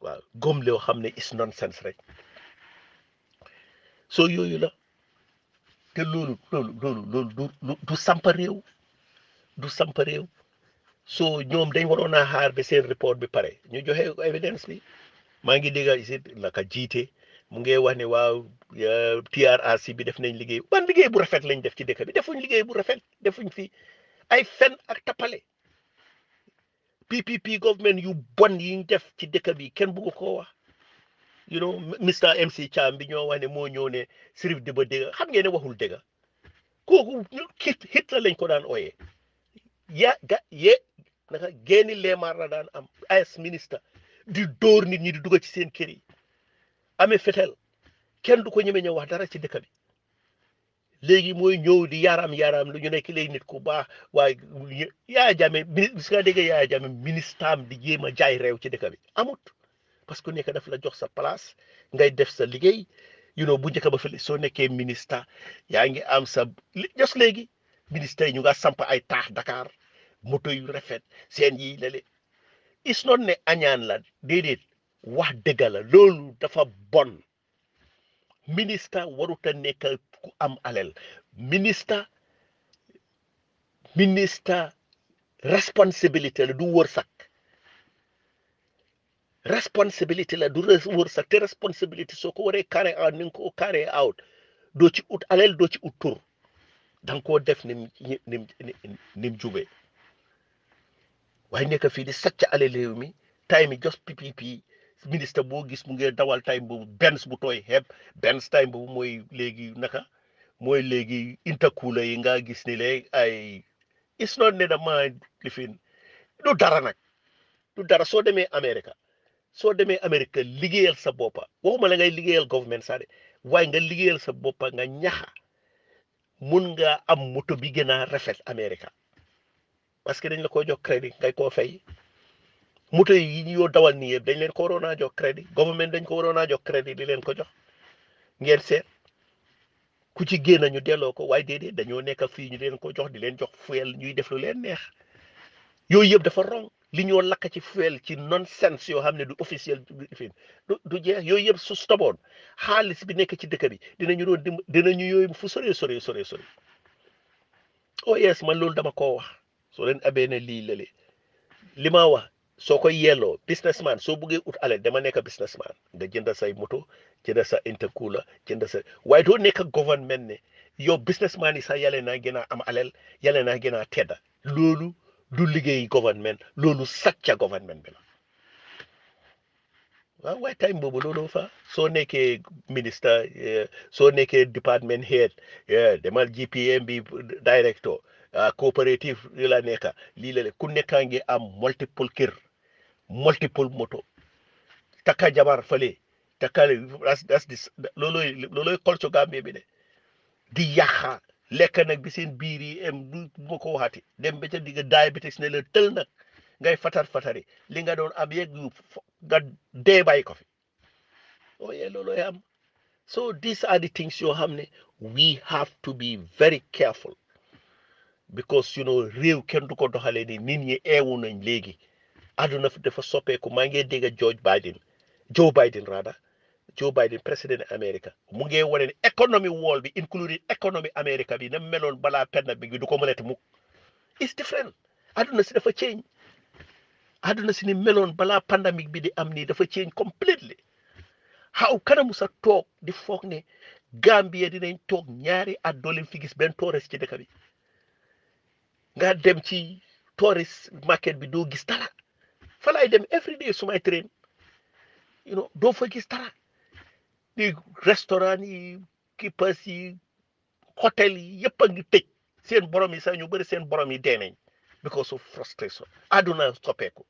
waaw gom loo xam ne is nonsense rek soo yooyu la te loolu loolu loolu du du du sampa so ñoom dañ waroon a xaar ba seen report bi pare ñu joxe evidence bi maa ngi dégg si naka jiite mu ngi wax ne waaw TRRC bi def nañ liggéey ban liggéey bu rafet lañ def ci dëkk bi defuñ liggéey bu rafet defuñ fi ay fen ak tappale PPP government yu bon yiñ def ci dëkk bi kenn bëgg koo wax you know Mr MC Cham bi ñoo wax ne moo ñëw ne Sirif Dibba dégg xam ngeen ne waxul dëgg kooku Hitler lañ ko daan ooyee ya naka génni leemaar la daan am as ministre di door nit ñi di dugg ci seen kër yi amee fetel kenn du ko ñeme ñëw wax dara ci dëkk bi léegi mooy ñëw di yaram yaaraam lu ñu nekk léegi nit ku baax waaye yaaya jàmme ministre bis déggee yaaya jàmme ministre am di jéem a jaay réew ci dëkk bi amut parce que nekk daf la jox sa place ngay def sa liggéey you know bu njëkk ba fële soo nekkee ministre yaa ngi am sa jos léegi ministère yi ñu nga samp ay taax dakaar moto yu rafet seen yi lale it's not ne añaan la déedéet wax dëgg la loolu dafa bon ministre waruta nekkal ku am alal ministre ministre responsabilité la du wërsëg responsabilité la du wërsëg te responsabilité soo ko waree carré out ni nga ko carré out doo ci ut alal doo ci ut tur da def ni mu ni waaye nekk fii di sàcc ale réew mi time yi jos PPP ministre boo gis mu ngi dawal time boobu benn bu tooy xeeb benn time boobu mooy léegi naka mooy léegi intercooler yi nga gis ni léegi ay it's not ne dama lifin du dara nag du dara soo demee Amérique soo demee Amérique liggéeyal sa boppa ma la ngay liggéeyal government saa de waaye nga liggéeyal sa boppa nga ñaxa mun nga am moto bi gën a rafet Amérique parce que dañ la ko jox crédit ngay koo fay moto yi yoo dawal nii dañ leen ko waroon a jox crédit government dañ ko waroon a jox crédit di ko jox ngeen ku ci génn ñu delloo ko waaye déedéet dañoo nekk fii ñu leen ko jox di leen jox fuel ñuy def leen neex yooyu yëpp dafa rong li ñoo lakk ci fuel ci nonsense yoo xam ne du officiel du du jeex yooyu yëpp su stoboon bi nekk ci dëkk bi dinañu doon dim dinañu yooyu fu sore sore sore sore oh yes man loolu dama koo wax. so leen abee ne li lële li ma wax so ko yelloo businessman so buggee ut alal dama nekk businessman nga jënd say moto jënd sa intercooler jënd sa way do nekk government ne yo businessman yi sa yalé na gëna am alal yalé na gëna a tedda loolu du liggéey government lolu sàcca government bi la waaw time boobu loolu fa soo nekkee ministre so nekkee department head yeah demal gpmb director Euh, coopérative yi la nekka lii la ku nekkaa ngi am multiple kër multiple moto takka jabar fële takka as di loolooy loolooy bi de di yàqa lekk nag bi seen biir yi em du ma dem ba ca digg diabetes ne la tël nag ngay fatar fatari li nga doon am yegg yu dee bàyyi ko fi ooyee oh loolooy am so these are the things yoo xam ne we have to be very careful because you know réew kenn du ko doxalee ni nit ñi eewu nañ léegi àdduna fi dafa soppeeku maa ngi dégg George Biden Joe Biden raada Joe Biden président America mu ngi wane ne economy world bi including economy America bi na meloon balaa penn bi du ko mënati mukk is different àdduna si dafa change àdduna si ni meloon balaa pandemic bi di am nii dafa change completely xaw kanamu sa toog di foog ne Gambia dinañ toog ñaari at doo leen fi gis benn toores ci dëkk bi. nga dem ci tourist market bi doo gis dara fa laay dem every day su may train you know doo fa gis dara di restaurant yi kipas si hôtel yi yëpp a ngi tëj seen borom yi sax ñu bëri seen borom yi dee nañ because of frustration àdduna soppeeku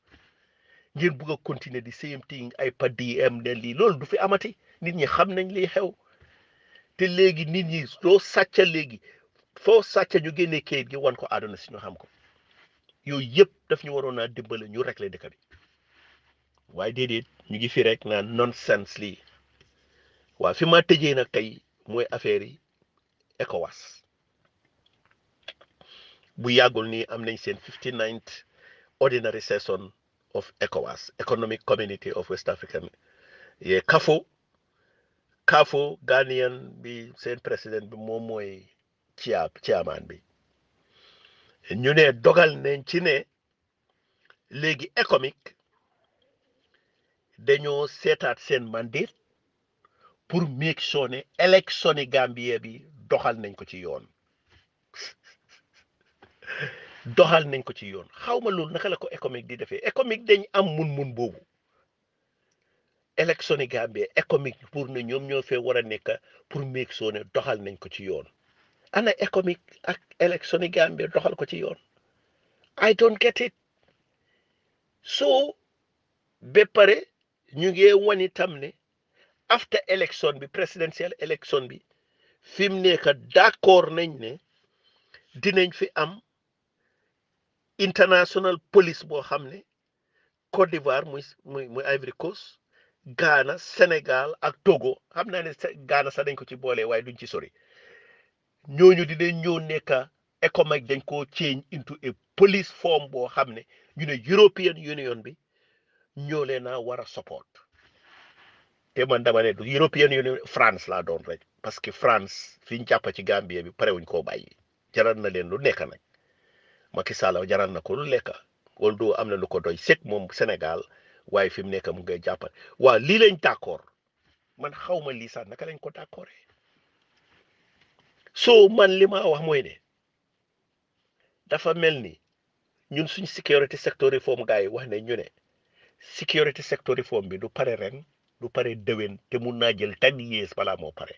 ngeen bugg a continuer di same thing ay padiem ne lii loolu du fi amati nit ñi xam nañ liy xew te léegi nit ñi doo sàcca léegi foo sàcca ñu génnee kayit gi wan ko àdduna si ñu xam ko yooyu yëpp daf ñu waroon a dimbale ñu régler dëkk bi waaye déedéet ñu ngi fi rek naan nonsense lii waa fi ma tëjee nag tey mooy affaire yi ECOWAS bu are going am nañ seen 59th ordinary session of ECOWAS Economic Community of West African ye CAFO CAFO Ghanian bi seen président bi moom ci caaman bi ñu ne dogal nañ ci ne léegi économique dañoo seetaat seen mandir pour make sure ne élection yi Gambie bi doxal nañ ko ci yoon doxal nañ ko ci yoon xaw ma loolu naka la ko économique di defee économique dañ am mun-mun boobu élection yi Gambie économique pour na ñoom ñoo fee war a nekk pour make sure doxal nañ ko ci yoon. ana économique ak élection yi Gambie doxal ko ci yoon I don't get it so ba ñu ngi wani tam ne after election bi presidential election bi fi mu nekk d'accord nañ ne dinañ fi am international police boo xam ne Côte d'Ivoire muy muy muy Ivory Coast Sénégal ak Togo xam naa ne Ghana sax dañ ko ci boole waaye duñ ci sori. ñooñu dinañ ñëw nekk ECOMAG dañ koo change into a police form boo xam ne ñu ne European Union bi ñoo leen war a support te man dama ne du European Union France laa doon rek parce que France fi ñu jàpp ci Gambie bi pare wuñ koo bàyyi jaral na leen lu nekk nag Macky Sall jaral na ko lu lekk wala du am na lu ko doy sëg moom Sénégal waaye fi mu nekk mu ngay jàppal waa lii lañ d'accord man xaw ma lii saa naka lañ ko d'accordé so man li ma wax mooy ne dafa mel ni ñun suñ security sector reform gars yi wax ne ñu ne security sector reform bi du pare ren du pare déwén te mun naa jël ten years balaa moo pare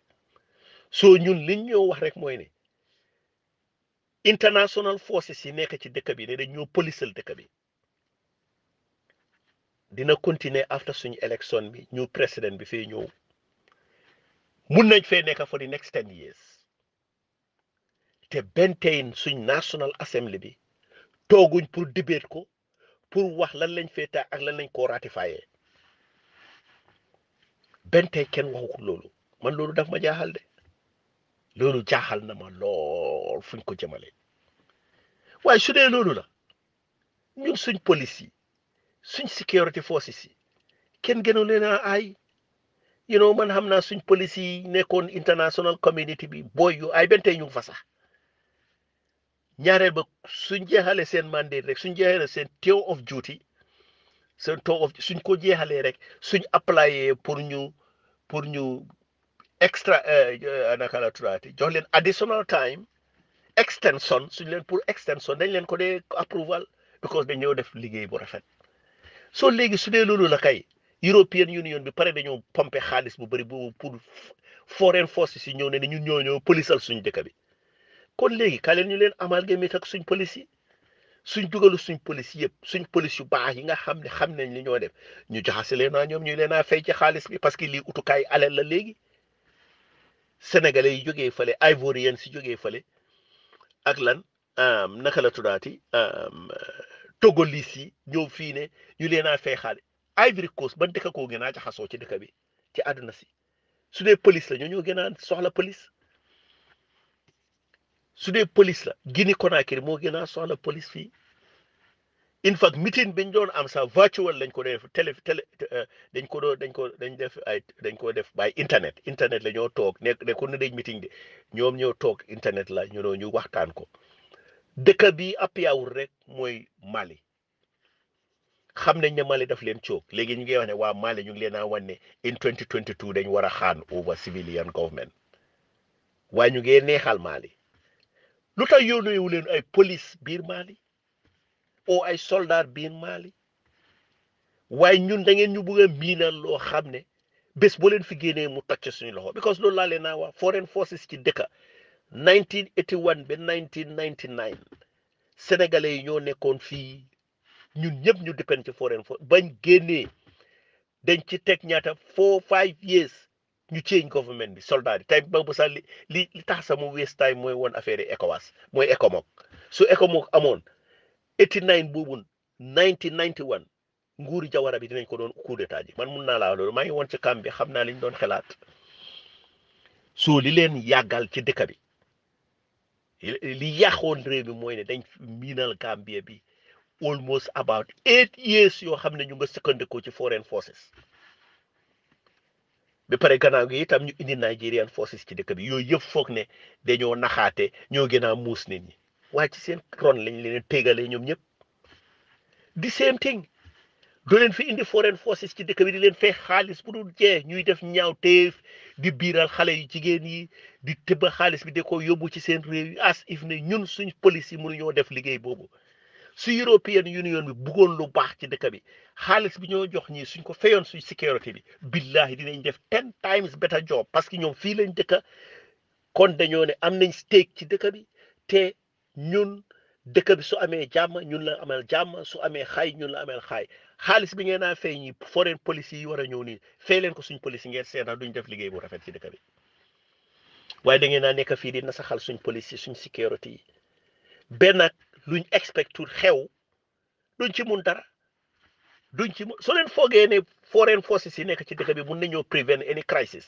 soo ñun liñ ñoo wax rek mooy ne international forces yi nekk ci dëkk bi ne dañ ñoo polisal dëkk bi dina continuer after suñu élection bi ñu président bi fee ñëw mun nañ fee nekk for the next ten years. te benteyin suñ national assembly bi tooguñ pour dibeet ko pour wax lan lañ féeta ak lan lañ koo ratifié bente kenn waxu loolu man loolu daf ma jaaxal de loolu jaaxal na ma lool fuñ ko jëmale waaye su dee loolu la ñun suñ police yi suñ foo si si kenn gënu leen a ay you know man xam naa suñ police yi nekkoon international community bi booy yu ay bente ñu ngi fa sax ñaareel ba suñ jeexalee seen mandate rek suñ jeexalee seen tour of duty seen tour suñ ko jeexalee rek suñ applyé pour ñu pour ñu extra eh, naka la turaati jox leen additional time extension suñ leen pour extension dañ leen ko dee approval because dañoo def liggéey bu rafet soo léegi su dee loolu la kay European Union bi pare dañoo pompe xaalis bu bëri bu pour foreign forces si ñëw ne ni ñun ñoo ñëw polisal suñ dëkk bi. kon léegi ka leen ñu leen amalgamé ak suñ police suñ jugalu suñ police yëpp suñ police yu baax yi nga xam ne xam nañ li ñoo def ñu jaxase leen naa ñoom ñu leen a fay ci xaalis bi parce que lii utukaay alal la léegi sénégalais yi jógee fële ivoirien si jógee fële ak lan naka la tuddaati togolis yi ñëw fii ne ñu leen a fay xaalis Ivory Coast ban dëkk koo gën a jaxasoo ci dëkk bi ci àdduna si su dee police la ñoo ñoo gën a soxla police. su dee police la ko Conakry moo gën a soxla police fii in fact meeting bi ñu doon am sax virtual lañ ko def télé télé euh, dañ ko doo dañ ko dañ def ay dañ ko def by internet internet la ñoo toog nekk nekkul ne dañ meeting de ñoom ñoo toog internet la ñu ñu waxtaan ko dëkk bi appiyawul rek mooy Mali xam nañ ne Mali daf leen coog léegi ñu ngi wax ne waa Mali ñu ngi leen a wan ne in 2022 dañ war a xaan over civilian government waaye ñu ngi neexal Mali. lu tax yónneewu leen ay police biir Mali oo ay soldaar biir Mali waaye ñun da ñu bëgg a miinal loo xam ne bés boo leen fi génnee mu tàcc suñu loxo because loolu laa leen naa wax foreign forces ci dëkka 1981 ba 1999 sénégalais yi ñoo nekkoon fii ñun ñëpp ñu dépend ci foreign force bañ génnee dañ ci teg ñaata four five years ñu change government bi soldat yi tey boobu sax li li li tax sama waste time mooy woon affaire yi mooy ECOMOG su ECOMOG amoon 89 boobu 90 91 nguur jawara bi dinañ ko doon coup d'état man mun naa laa loolu maa ngi woon ci camp bi xam naa li doon xalaat soo li leen yàggal ci dëkk bi li yàqoon réew mi mooy ne dañ miinal Gambia bi almost about eight years yoo xam ne ñu nga sëkkandikoo ci foreign forces. ba pare gannaaw gi itam ñu indi Nigerian forces ci dëkk bi yooyu yëpp foog ne dañoo naxaate ñoo gën a muus nit ñi waaye ci seen ron lañ leen tégalee ñoom ñëpp di same thing doo leen fi indi foreign forces ci dëkk bi di leen fay xaalis bu dul jee ñuy def ñaaw téef di biiral xale yu jigéen yi di tëbba xaalis bi de ko yóbbu ci seen réew yi as if ne ñun suñ police yi mënuñoo def liggéey boobu su European Union bi bëggoon lu baax ci dëkk bi xaalis bi ñoo jox ñii suñ ko fayoon suñ sécurité bi billahi dinañ def ten times better job parce que ñoom fii lañ dëkka kon dañoo ne am nañ stake ci dëkk bi te ñun dëkk su amee jàmm ñun la amal jàmm su amee xaay ñun la xaay xaalis bi ngeen naa fay ñi foreign policy yi war a ñëw nii fay leen ko suñ police ngeen seetaan duñ def liggéey bu rafet ci dëkk bi waaye da ngeen naa nekk fii di nasaxal suñ police yi suñ sécurité yi benn luñ expectu xew duñ ci mun dara duñ ci mun soo leen foogee ne foreign forces yi nekk ci dëkk bi mun nañoo prevent any crisis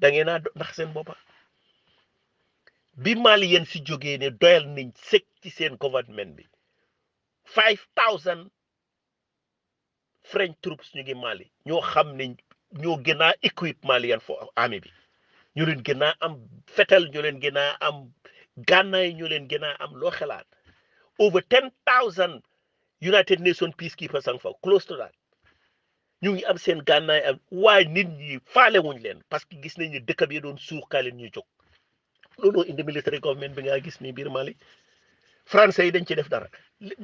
da ngeen a ndax seen boppa bi Malien si jógee ne doyal ni sëg ci seen gouvernement bi five thousand French troops ñu ngi Mali ñoo xam ne ñoo gën a équipe Malien fo armée bi ñu leen gën a am fetal ñu leen gën a am gànnaay ñu leen gën a am loo xalaat. over 10,000 United Nations peacekeepers sang fa close to that ñu ngi am seen gànnaay am waaye nit ñi faale wuñ leen parce que gis nañ ne dëkk bi doon suux kaale ñu jóg looloo indi military government bi nga gis ni biir Mali français yi dañ ci def dara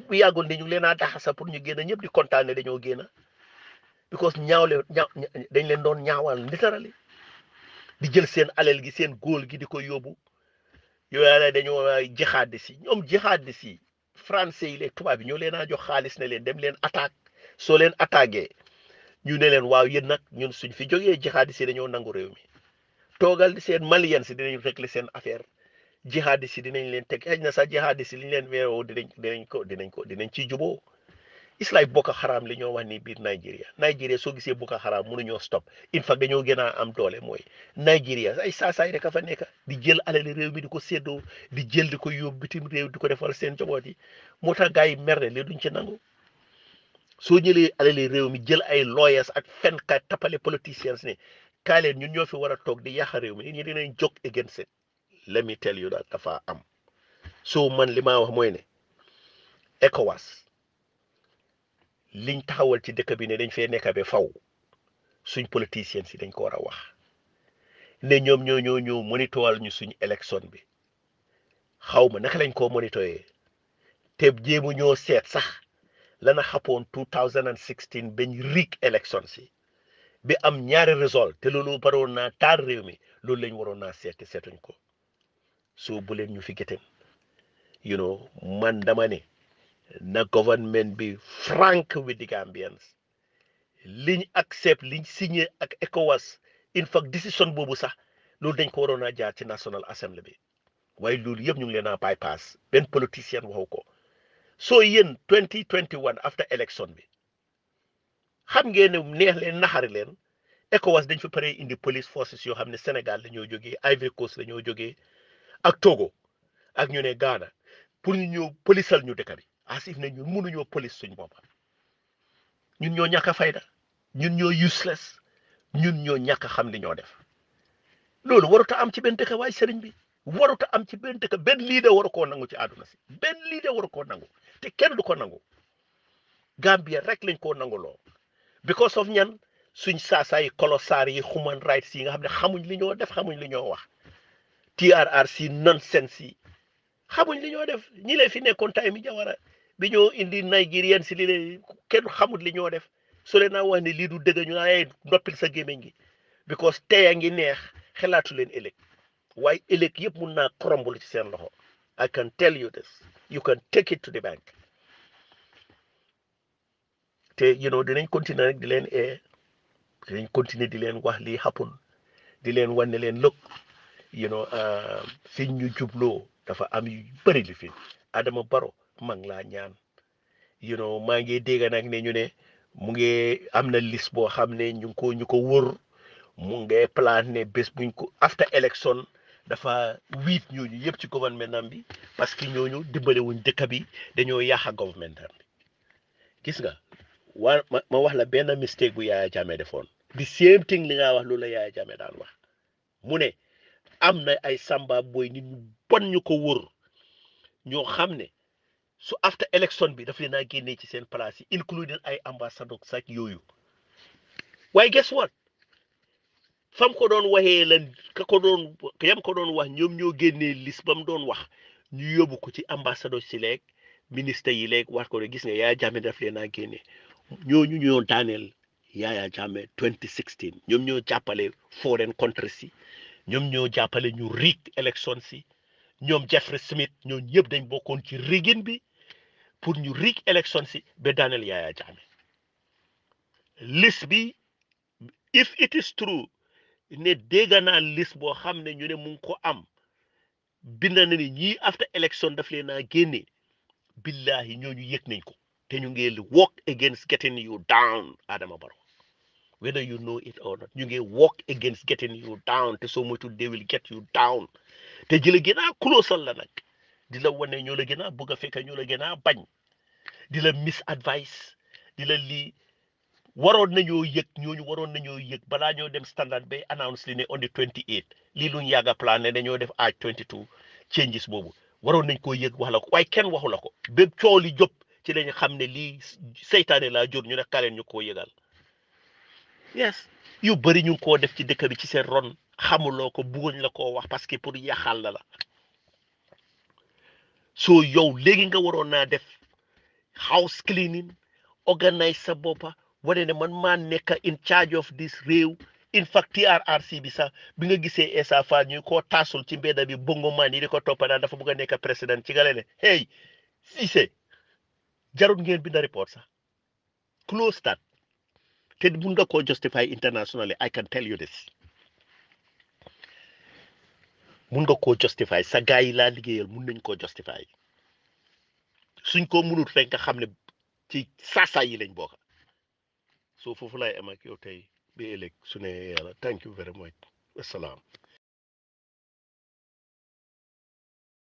bu yàggul ni ñu leen a daxasa pour ñu génn ñëpp di kontaan ne dañoo génn because ñaaw leen ñaaw dañ leen doon ñaawal littéralement di jël seen alal gi seen góol gi di ko yóbbu yooyu dañoo jihadis yi ñoom français yi léegi tubaab bi ñoo leen a jox xaalis ne leen dem leen attaque soo leen attaqué ñu ne leen waaw yéen nag ñun suñ fi jógee jihadis yi dañoo nangu réew mi toogal seen maliens si dinañ régler seen affaire jihadis yi dinañ leen teg xëy na sax jihadis yi li ñu leen weeroo dinañ dinañ ko dinañ ko dinañ ci juboo it's like Boko Haram li ñoo wax ni biir Nigeria Nigeria soo gisee Boko Haram mënuñoo stop in fact dañoo gën a am doole mooy Nigeria ay saasaay rek a fa nekk di jël alali réew mi di ko séddoo di jël di ko yóbbu bitim réew di ko defal seen njaboot yi mu tax gars yi mer ne li duñ ci nangu soo jëlee alali réew mi jël ay lawyers ak fenkat tapale politiciens ne kaa leen ñun ñoo fi war a toog di yàq réew mi ñu dinañ jóg against it let me tell you that dafa am so man li ma wax mooy ne ECOWAS. liñ taxawal ci dëkk bi ne dañ fee nekk ba faw suñ politiciens yi dañ ko war a wax ne ñoom ñoo ñoo ñëw monitoral ñu suñ élection bi xaw ma naka lañ koo monitoré te jéemu ñoo seet sax lana xapoon 2016 bañ riig élection si bi am ñaari result te loolu woon naa taar réew mi loolu lañ waroon naa seet seetuñ ko soo bu ñu fi gëteen you man dama na government bi frank with the Gambians liñ accept liñ signé ak ECOWAS in fact décision boobu sax loolu dañ ko waroon a jaar ci National Assembly bi waaye loolu yëpp ñu ngi leen a bypass benn politicien waxu ko soo yéen 2021 after election bi xam ngeen ne neex leen naxari leen ECOWAS dañ fa pare indi police forces yoo xam ne Sénégal dañoo jógee Ivory Coast dañoo jógee ak Togo ak ñu ne Ghana pour ñu ñëw polisal ñu dëkk bi. asif ne ñun mënuñoo police suñ bopp ñun ñoo ñàkk fayda ñun ñoo useless ñun ñoo ñàkk a xam li ñoo def loolu waruta am ci benn dëkk waaye sëriñ bi waruta am ci benn dëkk benn leader waru koo nangu ci àdduna si benn leader waru koo nangu te kenn du ko nangu Gambia rek lañ koo nangu loo because of ñan suñ saasaay kolosaar yi human rights yi nga xam ne xamuñ li ñoo def xamuñ li ñoo wax TRRC nonsense yi xamuñ li ñoo def ñi lay fi nekkoon tay mi jawara bi ñoo indi Nigerian si li leen kenn xamut li ñoo def sole leen naa wax ne lii du dëgg ñu naan ay noppil sa gémmiñ gi because tey a ngi neex xelaatu leen ëllëg waaye ëllëg yëpp mun naa korombul ci seen loxo I can tell you this you can take it to the bank te you know dinañ continuer di leen ee continuer di leen wax lii happen di leen wane leen lëkk you know um, fi ñu jubloo dafa am yu bëri li fi Adama Barrow man ngi laa ñaan you know maa ngi dégg nag ne ñu ne mu ngi am na liste boo xam ne ñu ko ñu ko wër mu ngi plan ne bés buñ ko after election dafa wiit ñu yëpp ci gouvernement am bi parce que ñooñu dimbale wuñ dëkk bi dañoo yàq gouvernement am gis nga waa ma ma wax la benn mistake bu Yaya Jammeh defoon the same li nga wax loolu la Yaya Jammeh daan wax mu ne am na ay samba booy nit ñu bon ñu ko wër ñoo xam ne. su after election bi daf leen a génnee ci seen place yi including ay ambassadeur sax yooyu waaye guess what fam ko doon waxee lan ka ko doon yam ko doon wax ñoom ñoo génnee list ba mu doon wax ñu yóbbu ko ci ambassadeur si leeg ministre yi léegi war ko gis nga Yaya Jammeh daf leen a génne ñooñu ñoo daaneel Yaya Jammeh 2016 ñoom ñoo jàppale foreign countries si ñoom ñoo jàppale ñu riig élection si ñoom Jeffrey Smith ñoo ñëpp dañ bokkoon ci rigin bi pour ñu rig election si ba daaneel Yaya Jammeh liste bi if it is true ne dégg naa liste boo xam ne ñu ne mu ngi ko am bind na ni ñii after election daf leen a génne billahi ñooñu yëg nañ ko te ñu ngi walk against getting you down Adama Barrow whether you know it or not ñu ngi walk against getting you down te soo moytu they will get you down te jële gën a closal la nag di la wane ñoo la gën a bëgg a ñoo la gën a bañ di la mis advice di la lii waroon na nañoo yëg ñu waroon na nañoo yëg balaa ñoo dem standard bay announce li ne on the 28 lii luñ yàgg a plané dañoo def aj 22 changes boobu waroon nañ ko yëg wax la ko waaye kenn waxu la ko ba coow li jóg ci lañ xam ne lii seytaane laa jur ñu ne kaleen ñu koo yëgal yes yu bëri ñu ngi koo def ci dëkk bi ci seen ron xamuloo ko bëgguñ la koo wax parce que pour yàqal la la. so yow léegi nga waroon naa the house cleaning organise sa boppa wane ne man maa nekk in charge of this réew in fact TRRC Bisa sax gise nga gisee Essa Faal ñu koo taasul ci mbedda bi bongo maan yi di ko toppa daan dafa bëgg nekk président ci nga leen hey Ceesay jarul ngeen bind report sax close that te mun nga justify internationally I can tell you this mun nga koo justify sa gars yi laa liggéeyal mun nañ koo justify suñ ko munut rek nga xam ne ci saasaay yi lañ bokk soo foofu laay am ak yow tey bi ëllëg su ne yàlla thank you very much wasalaam